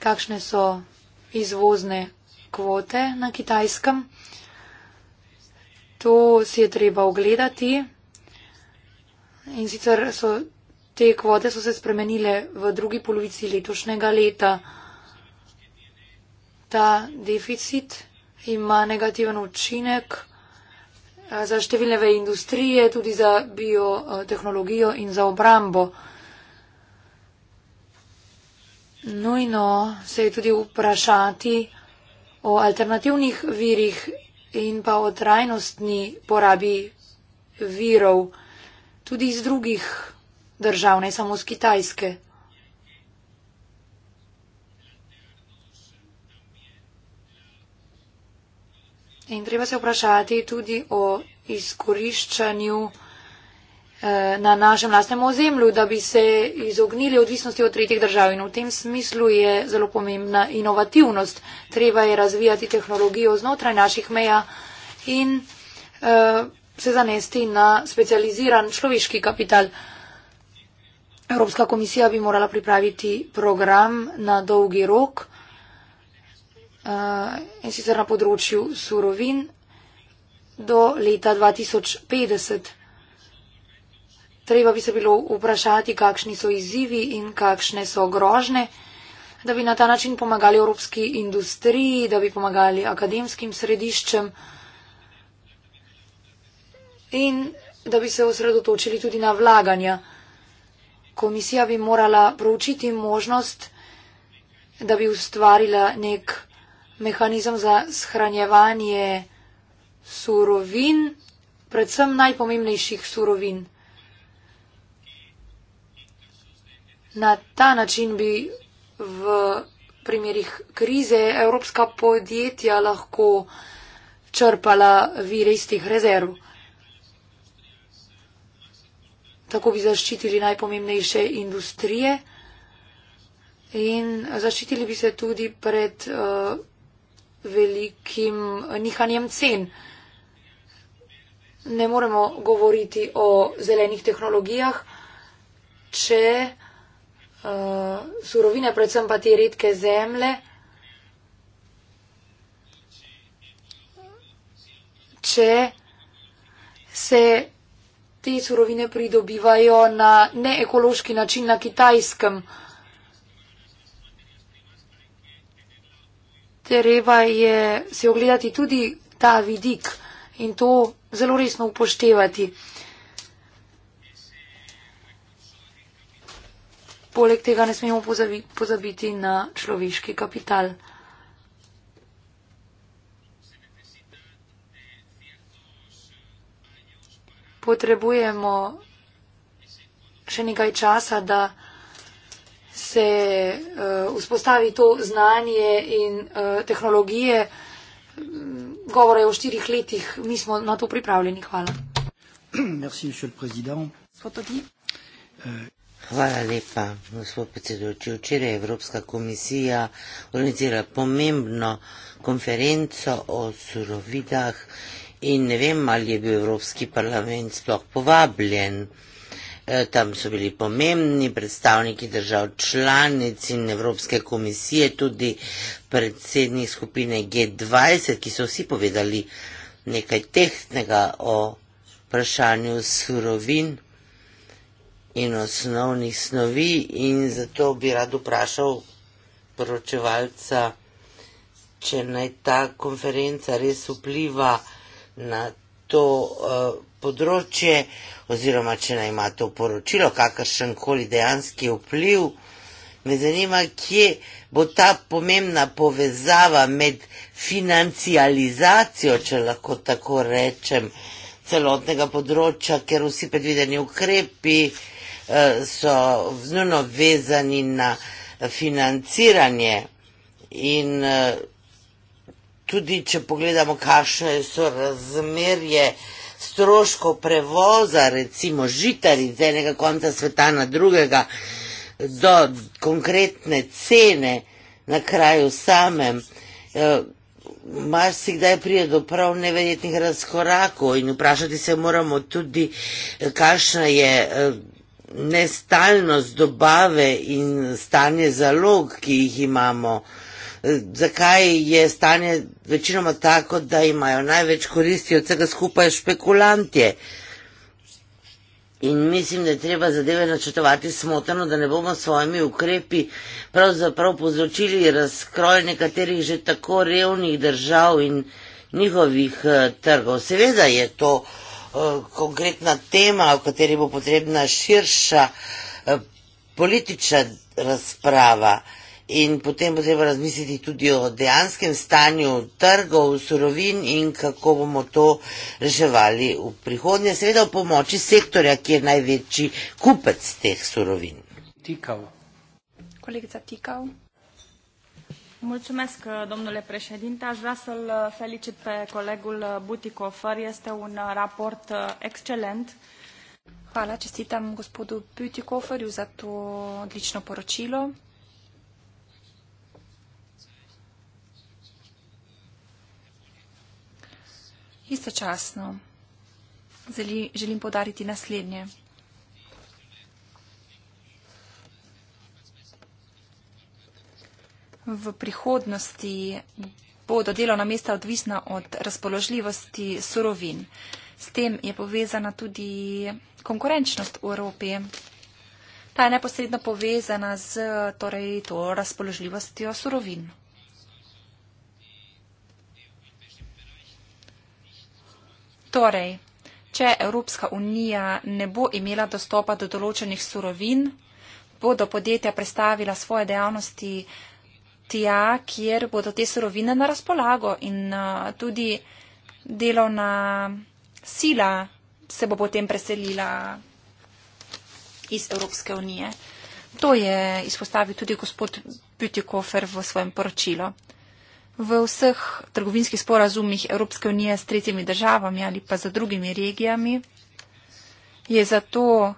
Kakšne so izvozne kvote na Kitajskem? To si je treba ogledati. In sicer so te kvote so se spremenile v drugi polovici letošnjega leta. Ta deficit ima negativen učinek za številne ve industrije, tudi za biotehnologijo in za obrambo. Nujno se je tudi vprašati o alternativnih virih in pa o trajnostni porabi virov tudi iz drugih držav, ne samo z Kitajske. In treba se vprašati tudi o izkoriščanju eh, na našem lastnem ozemlju, da bi se izognili odvisnosti od tretjih držav. In v tem smislu je zelo pomembna inovativnost. Treba je razvijati tehnologijo znotraj naših meja in uh, se zanesti na specializiran človeški kapital. Evropska komisija bi morala pripraviti program na dolgi rok uh, Eh, in sicer na področju surovin do leta 2050. Treba bi se bilo vprašati, kakšni so izzivi in kakšne so grožne, da bi na ta način pomagali evropski industriji, da bi pomagali akademskim središčem in da bi se osredotočili tudi na vlaganja. Komisija bi morala proučiti možnost, da bi ustvarila nek mehanizem za shranjevanje surovin, predvsem najpomembnejših surovin. Na ta način bi v primerih krize evropska podjetja lahko črpala vire iz teh rezerv. Tako bi zaščitili najpomembnejše industrije in zaščitili bi se tudi pred. Uh, velikim nihanjem cen. Ne moremo govoriti o zelenih tehnologijah, če uh, surovine, predvsem pa te redke zemlje, če se te surovine pridobivajo na neekološki način na kitajskem. Uh, treba je si ogledati tudi ta vidik in to zelo resno upoštevati. Poleg tega ne smemo pozabiti na človeški kapital. Potrebujemo še nekaj časa, da se uh, vzpostavi to znanje in uh, tehnologije. Govore o štirih letih, mi smo na to pripravljeni. Hvala. Merci, eh. Hvala lepa, gospod predsedujoči. Včeraj je Evropska komisija organizirala pomembno konferenco o surovidah in ne vem, ali je bil Evropski parlament sploh povabljen. E, tam so bili pomembni predstavniki držav članic in Evropske komisije, tudi predsednik skupine G20, ki so vsi povedali nekaj tehtnega o vprašanju surovin in osnovnih snovi in zato bi rad vprašal poročevalca, če naj ta konferenca res vpliva na to uh, področje oziroma če naj ima to poročilo kakršen koli dejanski vpliv. Me zanima, kje bo ta pomembna povezava med financializacijo, če lahko tako rečem, celotnega področja, ker vsi predvideni ukrepi uh, so vznuno vezani na financiranje in uh, tudi če pogledamo, kakšne so razmerje stroškov prevoza, recimo žitari z enega konca sveta na drugega, do konkretne cene na kraju samem, eh, marsi kdaj prije do prav neverjetnih razkorakov in vprašati se moramo tudi, eh, kakšna je eh, nestalnost dobave in stanje zalog, ki jih imamo zakaj je stanje večinoma tako, da imajo največ koristi od vsega skupaj špekulantje. In mislim, da je treba zadeve načrtovati smotrno, da ne bomo s svojimi ukrepi pravzaprav povzročili razkroj nekaterih že tako revnih držav in njihovih uh, trgov. Seveda je to uh, konkretna tema, o kateri bo potrebna širša uh, politična razprava. Uh, in potem bo treba razmisliti tudi o dejanskem stanju trgov, surovin in kako bomo to reševali v prihodnje, seveda v pomoči sektorja, ki je največji kupec teh surovin. Tikal. Kolegica Tikal. Mulțumesc, domnule președinte. Aș vrea să-l felicit pe colegul Buticofer. Este un raport excelent. Hvala, čestitam gospodu Buticoferju za to odlično poročilo. Istočasno želim podariti naslednje. V prihodnosti bodo delovna mesta odvisna od razpoložljivosti surovin. S tem je povezana tudi konkurenčnost v Evropi. Ta je neposredno povezana z torej, to razpoložljivostjo surovin. Torej, če Evropska unija ne bo imela dostopa do določenih surovin, bodo podjetja predstavila svoje dejavnosti tja, kjer bodo te surovine na razpolago in uh, tudi delovna sila se bo potem preselila iz Evropske unije. To je izpostavil tudi gospod Bütikofer v svojem poročilu v vseh trgovinskih sporazumih Evropske unije s tretjimi državami ali pa z drugimi regijami, je zato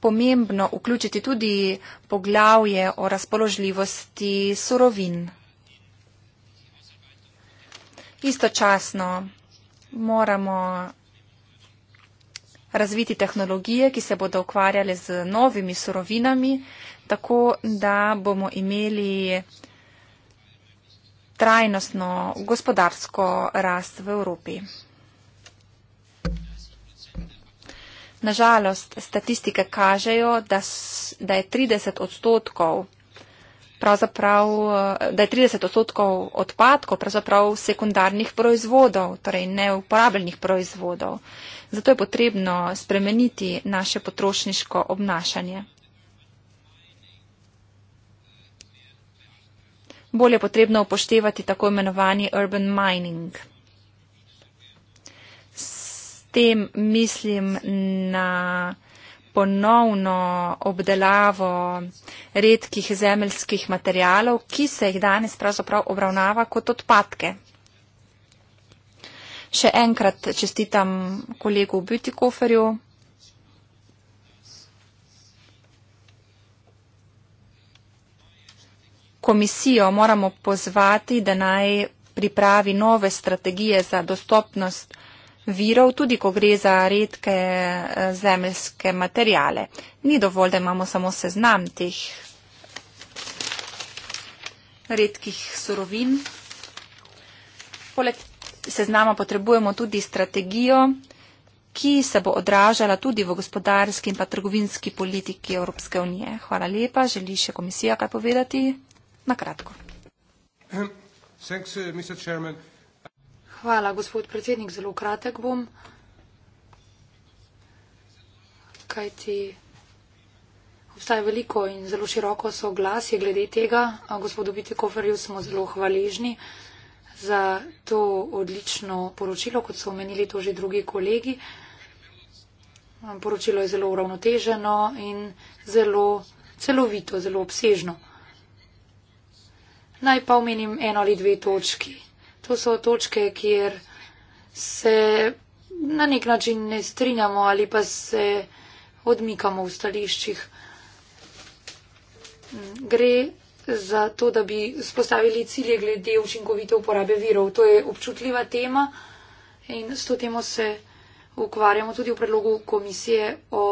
pomembno vključiti tudi poglavje o razpoložljivosti surovin. Istočasno moramo razviti tehnologije, ki se bodo ukvarjale z novimi surovinami, tako, da bomo imeli trajnostno gospodarsko rast v Evropi. Nažalost, statistike kažejo, da, da je 30 odstotkov pravzaprav, eh, da je 30 odstotkov odpadkov pravzaprav sekundarnih proizvodov, torej neuporabljenih proizvodov. Zato je potrebno spremeniti naše potrošniško obnašanje. bolje potrebno upoštevati tako imenovani urban mining. S tem mislim na ponovno obdelavo redkih zemeljskih materialov, ki se jih danes pravzaprav obravnava kot odpadke. Še enkrat čestitam kolegu Bütikoferju. komisijo moramo pozvati, da naj pripravi nove strategije za dostopnost virov, tudi ko gre za redke eh, zemljske materijale. Ni dovolj, da imamo samo seznam teh redkih surovin. Poleg seznama potrebujemo tudi strategijo, ki se bo odražala tudi v gospodarski in pa trgovinski politiki Evropske unije. Hvala lepa. Želi še komisija kaj povedati? na kratko. Uh, Hvala, gospod predsednik, zelo kratek bom, kajti obstaja veliko in zelo široko soglasje glede tega. Gospodu Bitekoferju smo zelo hvaležni za to odlično poročilo, kot so omenili to že drugi kolegi. Poročilo je zelo uravnoteženo in zelo celovito, zelo obsežno. Naj pa omenim eno ali dve točki. To so točke, kjer se na nek način ne strinjamo ali pa se odmikamo v stališčih. Gre za to, da bi spostavili cilje glede učinkovite uporabe virov. To je občutljiva tema in s to temo se ukvarjamo tudi v predlogu komisije o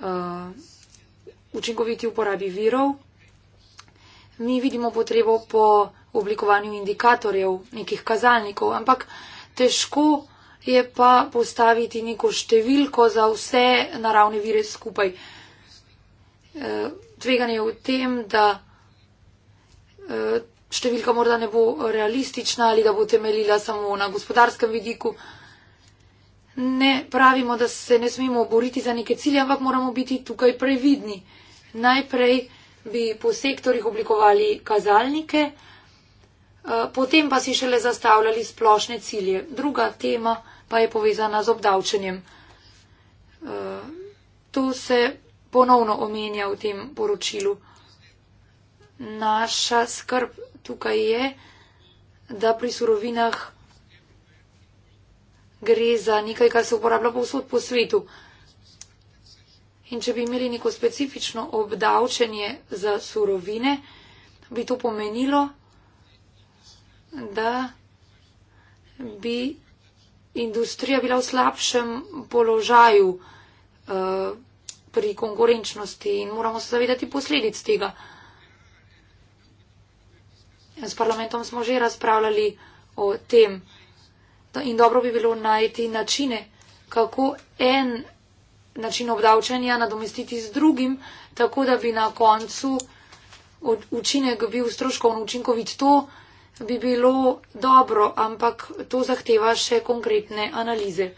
uh, učinkoviti uporabi virov mi vidimo potrebo po oblikovanju indikatorjev, nekih kazalnikov, ampak težko je pa postaviti neko številko za vse naravne vire skupaj. E, tveganje je v tem, da e, številka morda ne bo realistična ali da bo temeljila samo na gospodarskem vidiku. Ne pravimo, da se ne smemo boriti za neke cilje, ampak moramo biti tukaj previdni. Najprej bi po sektorjih oblikovali kazalnike, eh, potem pa si šele zastavljali splošne cilje. Druga tema pa je povezana z obdavčenjem. Eh, to se ponovno omenja v tem poročilu. Naša skrb tukaj je, da pri surovinah gre za nekaj, kar se uporablja povsod po svetu. In če bi imeli neko specifično obdavčenje za surovine, bi to pomenilo, da bi industrija bila v slabšem položaju uh, pri konkurenčnosti in moramo se zavedati posledic tega. S parlamentom smo že razpravljali o tem in dobro bi bilo najti načine, kako en način obdavčanja nadomestiti z drugim, tako da bi na koncu učinek bil stroškovno učinkovit. To bi bilo dobro, ampak to zahteva še konkretne analize.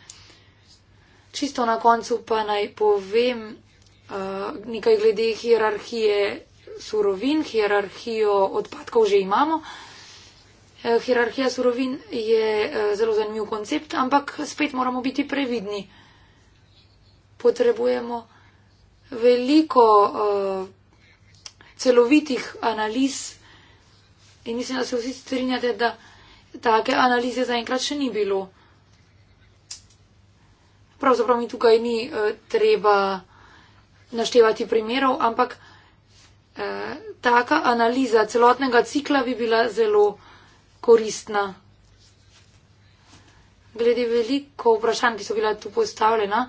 Čisto na koncu pa naj povem uh, nekaj glede hierarhije surovin. Hierarhijo odpadkov že imamo. Eh, hierarhija surovin je eh, zelo zanimiv koncept, ampak spet moramo biti previdni potrebujemo veliko uh, celovitih analiz in mislim, da se vsi strinjate, da take analize zaenkrat še ni bilo. Pravzaprav mi tukaj ni uh, treba naštevati primerov, ampak uh, taka analiza celotnega cikla bi bila zelo koristna. Glede veliko vprašanj, ki so bila tu postavljena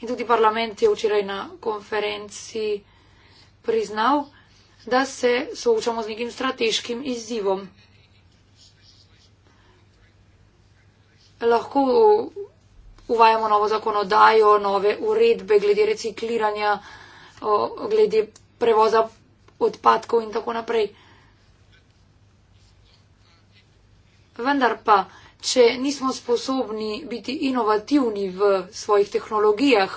in tudi parlament je včeraj na konferenci priznal, da se soočamo z nekim strateškim izzivom. Lahko uvajamo novo zakonodajo, nove uredbe glede recikliranja, glede prevoza odpadkov in tako naprej. Vendar pa če nismo sposobni biti inovativni v svojih tehnologijah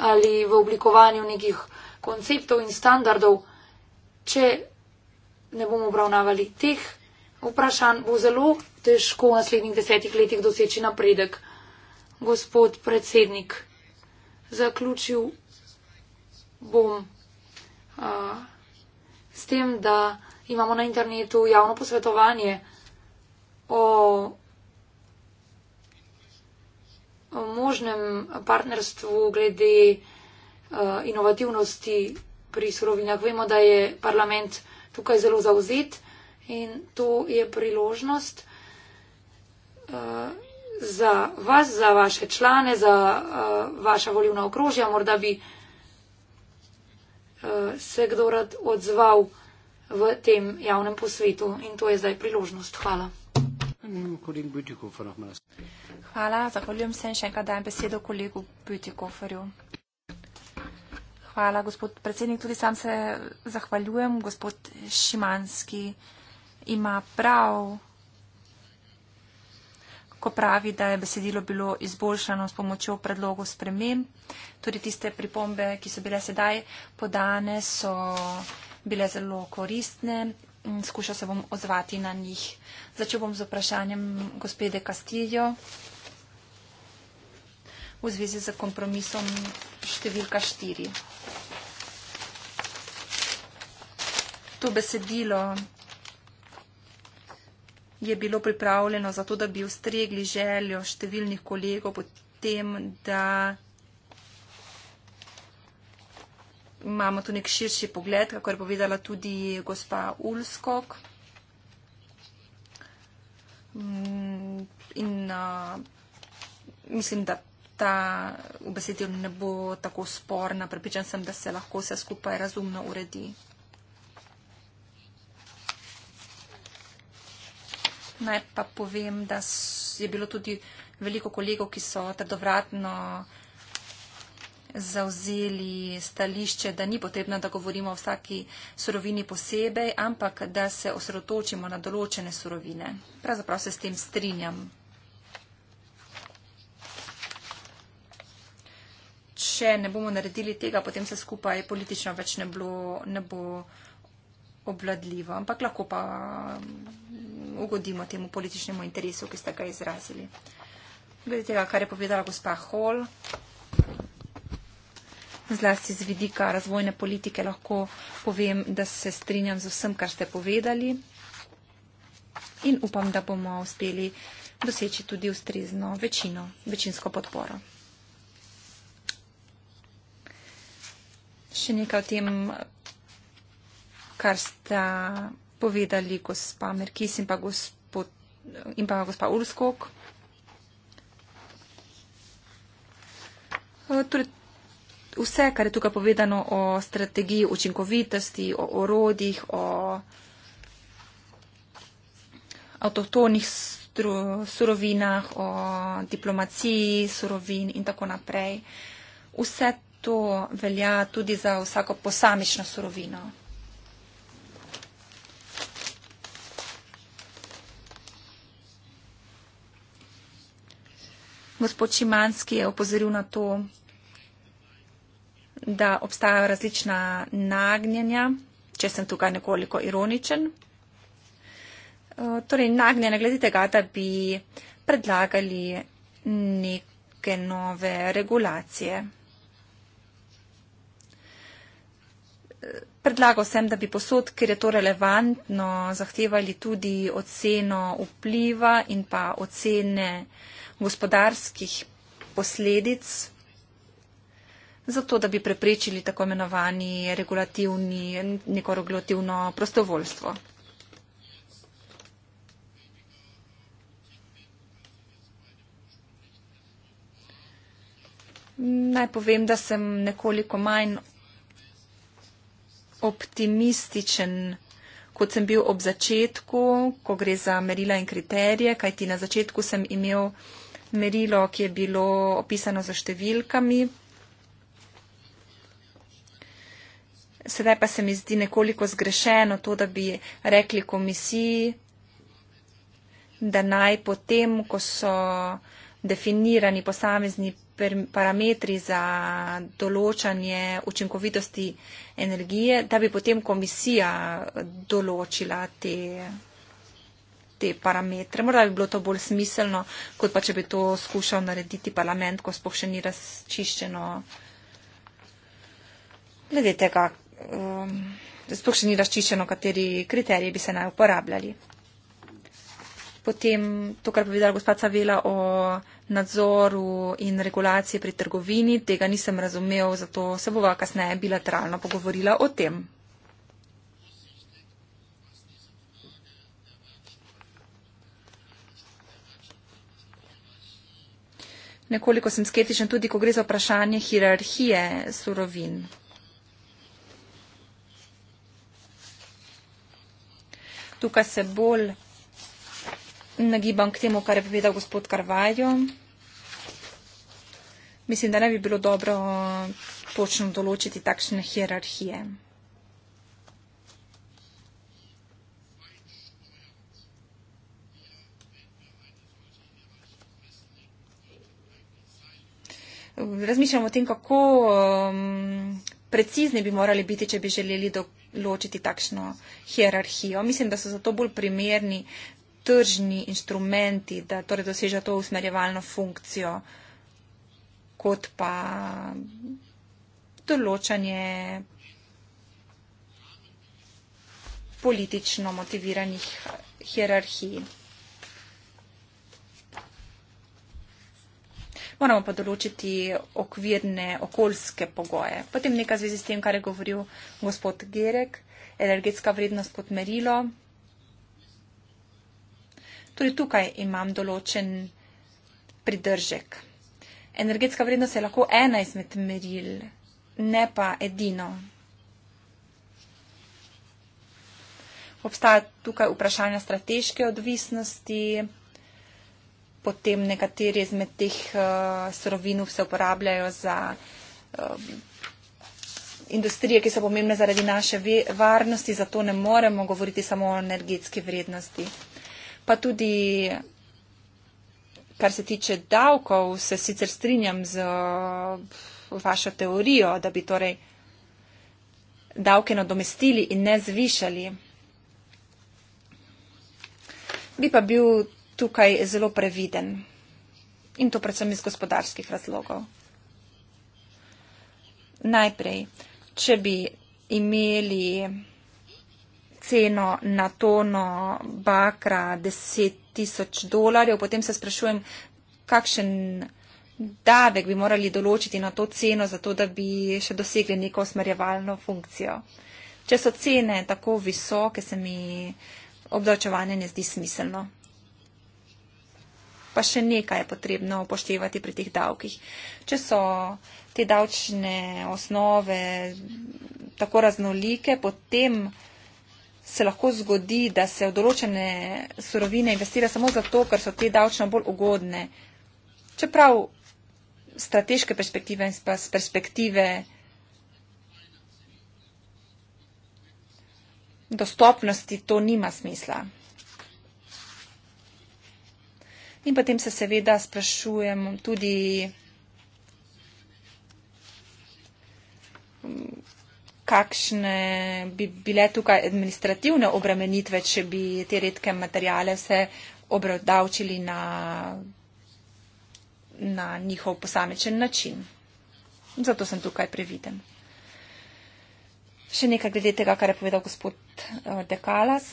ali v oblikovanju nekih konceptov in standardov, če ne bomo obravnavali teh vprašanj, bo zelo težko v naslednjih desetih letih doseči napredek. Gospod predsednik, zaključil bom uh, s tem, da imamo na internetu javno posvetovanje o možnem partnerstvu glede eh, inovativnosti pri surovinah. Vemo, da je parlament tukaj zelo zauzet in to je priložnost eh, za vas, za vaše člane, za eh, vaša volivna okrožja. Morda bi se kdo rad odzval v tem javnem posvetu in to je zdaj priložnost. Hvala. Hvala. Zahvaljujem se in še enkrat dajem besedo kolegu Bütikoferju. Hvala, gospod predsednik. Tudi sam se zahvaljujem. Gospod Šimanski ima prav, ko pravi, da je besedilo bilo izboljšano s pomočjo predlogov spremem. Tudi tiste pripombe, ki so bile sedaj podane, so bile zelo koristne skušal se bom odzvati na njih. Začel bom z vprašanjem gospede Castillo v zvezi z kompromisom številka 4. To besedilo je bilo pripravljeno zato, da bi ustregli željo številnih kolegov potem, da imamo tu nek širši pogled, kako je povedala tudi gospa Ulskog. Mm, in uh, mislim, da ta besedil ne bo tako sporna. Pripričan sem, da se lahko vse skupaj razumno uredi. Naj pa povem, da je bilo tudi veliko kolegov, ki so trdovratno zauzeli stališče, da ni potrebno, da govorimo o vsaki surovini posebej, ampak da se osredotočimo na določene surovine. Pravzaprav se s tem strinjam. Če ne bomo naredili tega, potem se skupaj politično več ne, bilo, ne bo obladljivo, ampak lahko pa mm, ugodimo temu političnemu interesu, ki ste ga izrazili. Glede tega, kar je povedala gospa Hall, zlasti z vidika razvojne politike lahko povem, da se strinjam z vsem, kar ste povedali in upam, da bomo uspeli doseči tudi ustrezno večino, večinsko podporo. Še nekaj o tem, kar sta povedali gospa Merkis in pa, gospod, in pa gospa Urskog. Torej, vse, kar je tukaj povedano o strategiji učinkovitosti, o orodjih, o avtohtonih surovinah, o diplomaciji surovin in tako naprej. Vse to velja tudi za vsako posamično surovino. Gospod Šimanski je opozoril na to, da obstajajo različna nagnjenja, če sem tukaj nekoliko ironičen. E, torej, nagnjenja glede tega, da bi predlagali neke nove regulacije. Predlagal sem, da bi posod, ker je to relevantno, zahtevali tudi oceno vpliva in pa ocene gospodarskih posledic zato da bi preprečili tako imenovani regulativni, neko regulativno prostovoljstvo. Naj povem, da sem nekoliko manj optimističen, kot sem bil ob začetku, ko gre za merila in kriterije, kajti na začetku sem imel merilo, ki je bilo opisano za številkami, Sedaj pa se mi zdi nekoliko zgrešeno to, da bi rekli komisiji, da naj potem, ko so definirani posamezni parametri za določanje učinkovitosti energije, da bi potem komisija določila te, te parametre. Morda bi bilo to bolj smiselno, kot pa če bi to skušal narediti parlament, ko spoh še ni razčiščeno. Glede tega, um, sploh še ni razčiščeno, kateri kriteriji bi se naj uporabljali. Potem to, kar je povedala gospod Savela o nadzoru in regulaciji pri trgovini, tega nisem razumel, zato se bova kasneje bilateralno pogovorila o tem. Nekoliko sem skeptičen tudi, ko gre za vprašanje hierarhije surovin. tukaj se bolj nagibam k temu, kar je povedal gospod Karvajo. Mislim, da ne bi bilo dobro uh, točno določiti takšne hierarhije. Razmišljamo o tem, kako um, precizni bi morali biti, če bi želeli do ločiti takšno hierarhijo. Mislim, da so zato bolj primerni tržni inštrumenti, da torej doseža to usmerjevalno funkcijo, kot pa določanje politično motiviranih hierarhij. moramo pa določiti okvirne okoljske pogoje. Potem nekaj zvezi s tem, kar je govoril gospod Gerek, energetska vrednost kot merilo. Tudi tukaj imam določen pridržek. Energetska vrednost je lahko ena izmed meril, ne pa edino. Obstaja tukaj vprašanja strateške odvisnosti potem nekateri izmed teh uh, eh, sorovinov se uporabljajo za um, industrije, ki so pomembne zaradi naše varnosti, zato ne moremo govoriti samo o energetski vrednosti. Pa tudi, kar se tiče davkov, se sicer strinjam z uh, vašo teorijo, da bi torej davke nadomestili in ne zvišali. Bi pa bil tukaj zelo previden. In to predvsem iz gospodarskih razlogov. Najprej, če bi imeli ceno na tono bakra 10 tisoč dolarjev, potem se sprašujem, kakšen davek bi morali določiti na to ceno, zato da bi še dosegli neko usmerjevalno funkcijo. Če so cene tako visoke, se mi obdavčevanje ne zdi smiselno pa še nekaj je potrebno upoštevati pri teh davkih. Če so te davčne osnove tako raznolike, potem se lahko zgodi, da se v določene surovine investira samo zato, ker so te davčno bolj ugodne. Čeprav strateške perspektive in pa z perspektive dostopnosti to nima smisla. In potem se seveda sprašujem tudi, kakšne bi bile tukaj administrativne obremenitve, če bi te redke materijale vse obrodavčili na, na njihov posamečen način. Zato sem tukaj previden. Še nekaj glede tega, kar je povedal gospod eh, Dekalas.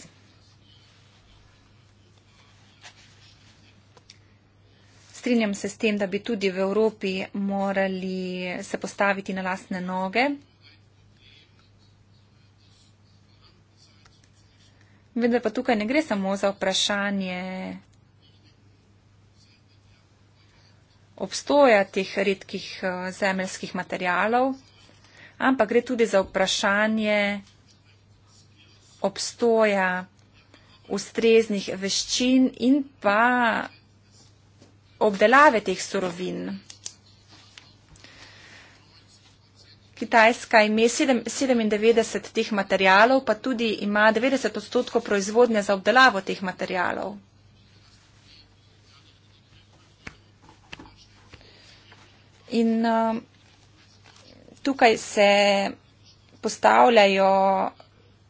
strinjam se s tem, da bi tudi v Evropi morali se postaviti na lastne noge. Vendar pa tukaj ne gre samo za vprašanje obstoja teh redkih eh, zemeljskih materialov, ampak gre tudi za vprašanje obstoja ustreznih veščin in pa obdelave teh surovin. Kitajska ima 97 teh materijalov, pa tudi ima 90 odstotkov proizvodnje za obdelavo teh materijalov. In uh, tukaj se postavljajo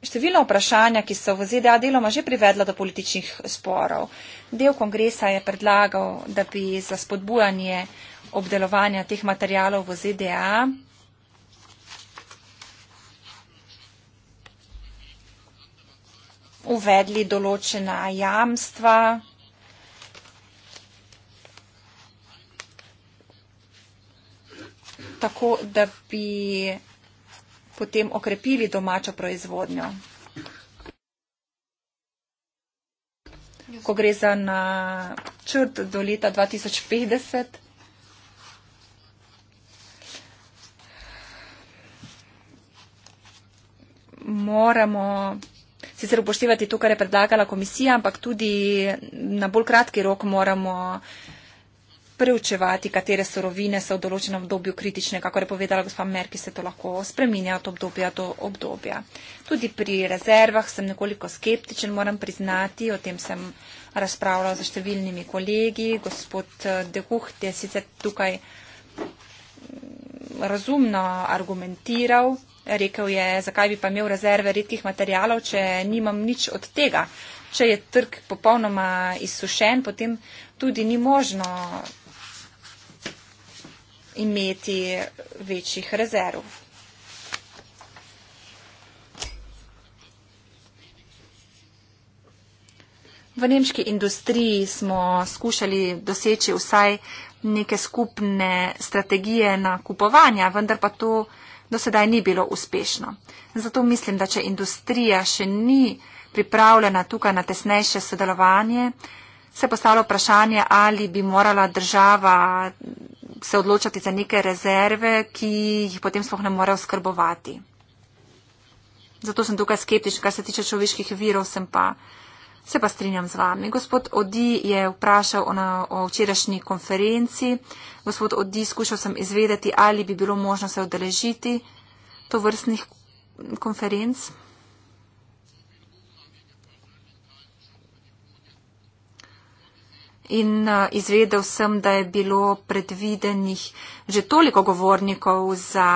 Številna vprašanja, ki so v ZDA deloma že privedla do političnih sporov. Del kongresa je predlagal, da bi za spodbujanje obdelovanja teh materijalov v ZDA uvedli določena jamstva. Tako da bi potem okrepili domačo proizvodnjo. Ko gre za načrt do leta 2050. Moramo sicer upoštevati to, kar je predlagala komisija, ampak tudi na bolj kratki rok moramo uh, preučevati, katere sorovine so v določenem obdobju kritične, kako je povedala gospa Merki, se to lahko spreminja od obdobja do obdobja. Tudi pri rezervah sem nekoliko skeptičen, moram priznati, o tem sem razpravljala z številnimi kolegi, gospod eh, Dehuh je sicer tukaj mm, razumno argumentiral, rekel je, zakaj bi pa imel rezerve redkih materijalov, če nimam nič od tega. Če je trg popolnoma izsušen, potem tudi ni možno imeti večjih rezerv. V nemški industriji smo skušali doseči vsaj neke skupne strategije na kupovanja, vendar pa to do sedaj ni bilo uspešno. Zato mislim, da če industrija še ni pripravljena tukaj na tesnejše sodelovanje, se postavlja vprašanje, ali bi morala država se odločati za neke rezerve, ki jih potem sploh ne more oskrbovati. Zato sem tukaj skeptičen, kar se tiče človeških virov, sem pa. Se pa strinjam z vami. Gospod Odi je vprašal o, na, o včerajšnji konferenci. Gospod Odi, skušal sem izvedeti, ali bi bilo možno se odeležiti to vrstnih konferenc. in izvedel sem, da je bilo predvidenih že toliko govornikov za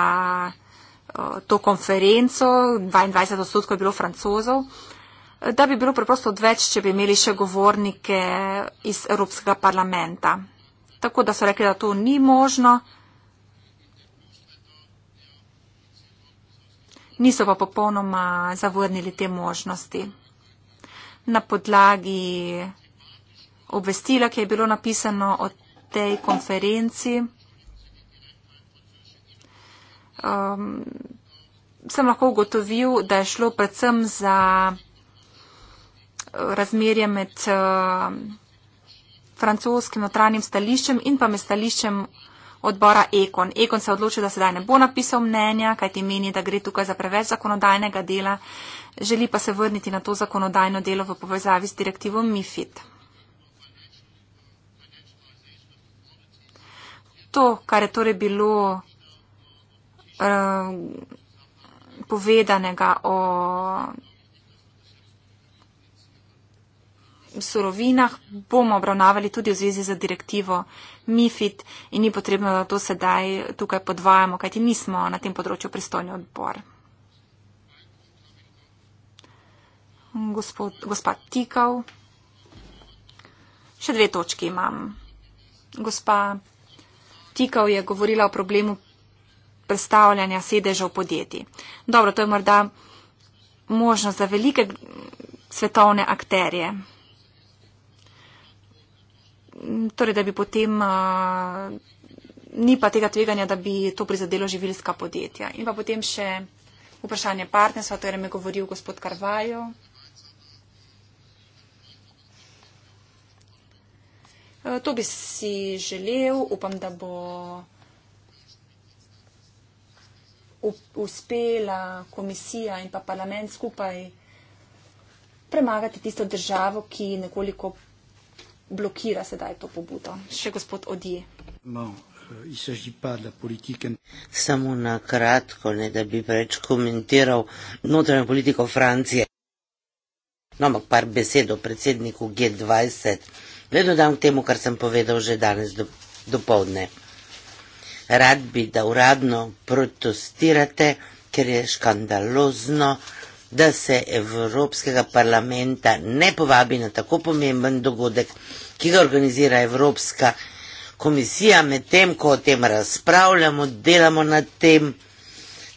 to konferenco, 22 odstotkov je bilo francozov, da bi bilo preprosto odveč, če bi imeli še govornike iz Evropskega parlamenta. Tako da so rekli, da to ni možno. Niso pa popolnoma zavrnili te možnosti. Na podlagi obvestila, ki je bilo napisano o tej konferenci. Um, sem lahko ugotovil, da je šlo predvsem za uh, razmerje med uh, francoskim notranjim stališčem in pa med stališčem odbora Ekon. Ekon se odloči, da sedaj ne bo napisal mnenja, kajti meni, da gre tukaj za preveč zakonodajnega dela, želi pa se vrniti na to zakonodajno delo v povezavi s direktivom MIFID. to, kar je torej bilo um, povedanega o surovinah, bomo obravnavali tudi v zvezi z direktivo MIFID in ni potrebno, da to sedaj tukaj podvajamo, kajti nismo na tem področju pristojni odbor. Gospod, gospod Tikal. Še dve točki imam. Gospa tikov je govorila o problemu predstavljanja sedežev podjetij. Dobro, to je morda možnost za velike svetovne akterje. Torej, da bi potem uh, ni pa tega tveganja, da bi to prizadelo živilska podjetja. In pa potem še vprašanje partnerstva, o katerem je govoril gospod Karvajo. Eh, to bi si želel, upam, da bo uspela komisija in pa parlament skupaj premagati tisto državo, ki nekoliko blokira sedaj to pobudo. Še gospod Odije. No, eh, Samo na kratko, ne da bi preveč komentiral notranjo politiko Francije. No, ampak par besed o predsedniku G20 predodam k temu, kar sem povedal že danes do, do povdne. Rad bi, da uradno protestirate, ker je škandalozno, da se Evropskega parlamenta ne povabi na tako pomemben dogodek, ki ga organizira Evropska komisija, medtem ko o tem razpravljamo, delamo na tem.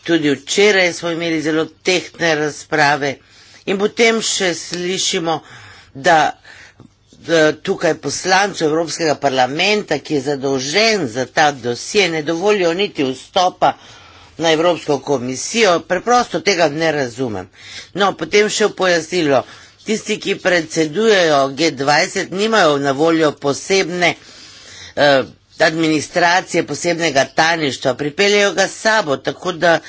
Tudi včeraj smo imeli zelo tehtne razprave in potem še slišimo, da tukaj poslancu Evropskega parlamenta, ki je zadolžen za ta dosje, ne dovolijo niti vstopa na Evropsko komisijo, preprosto tega ne razumem. No, potem še pojasnilo, tisti, ki predsedujejo G20, nimajo na voljo posebne eh, administracije posebnega tajništva, pripeljejo ga sabo, tako da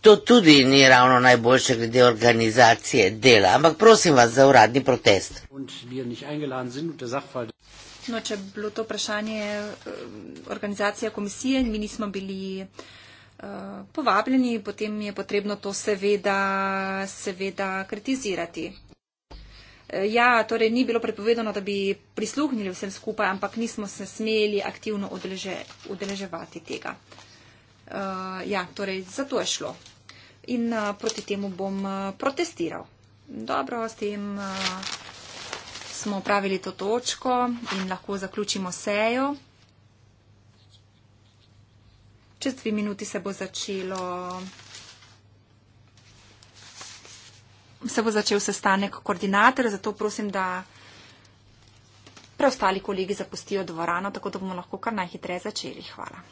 to tudi ni ravno najboljše glede organizacije dela. Ampak prosim vas za uradni protest. No, če je bilo to vprašanje eh, organizacije komisije, mi nismo bili eh, povabljeni, potem je potrebno to seveda, seveda kritizirati. Ja, torej ni bilo prepovedano, da bi prisluhnili vsem skupaj, ampak nismo se smeli aktivno odleže, odleževati tega. Uh, ja, torej zato je šlo. In uh, proti temu bom uh, protestiral. Dobro, s tem uh, smo upravili to točko in lahko zaključimo sejo. Čez dve minuti se bo začelo. se bo začel sestanek koordinatorja, zato prosim, da preostali kolegi zapustijo dvorano, tako da bomo lahko kar najhitreje začeli. Hvala.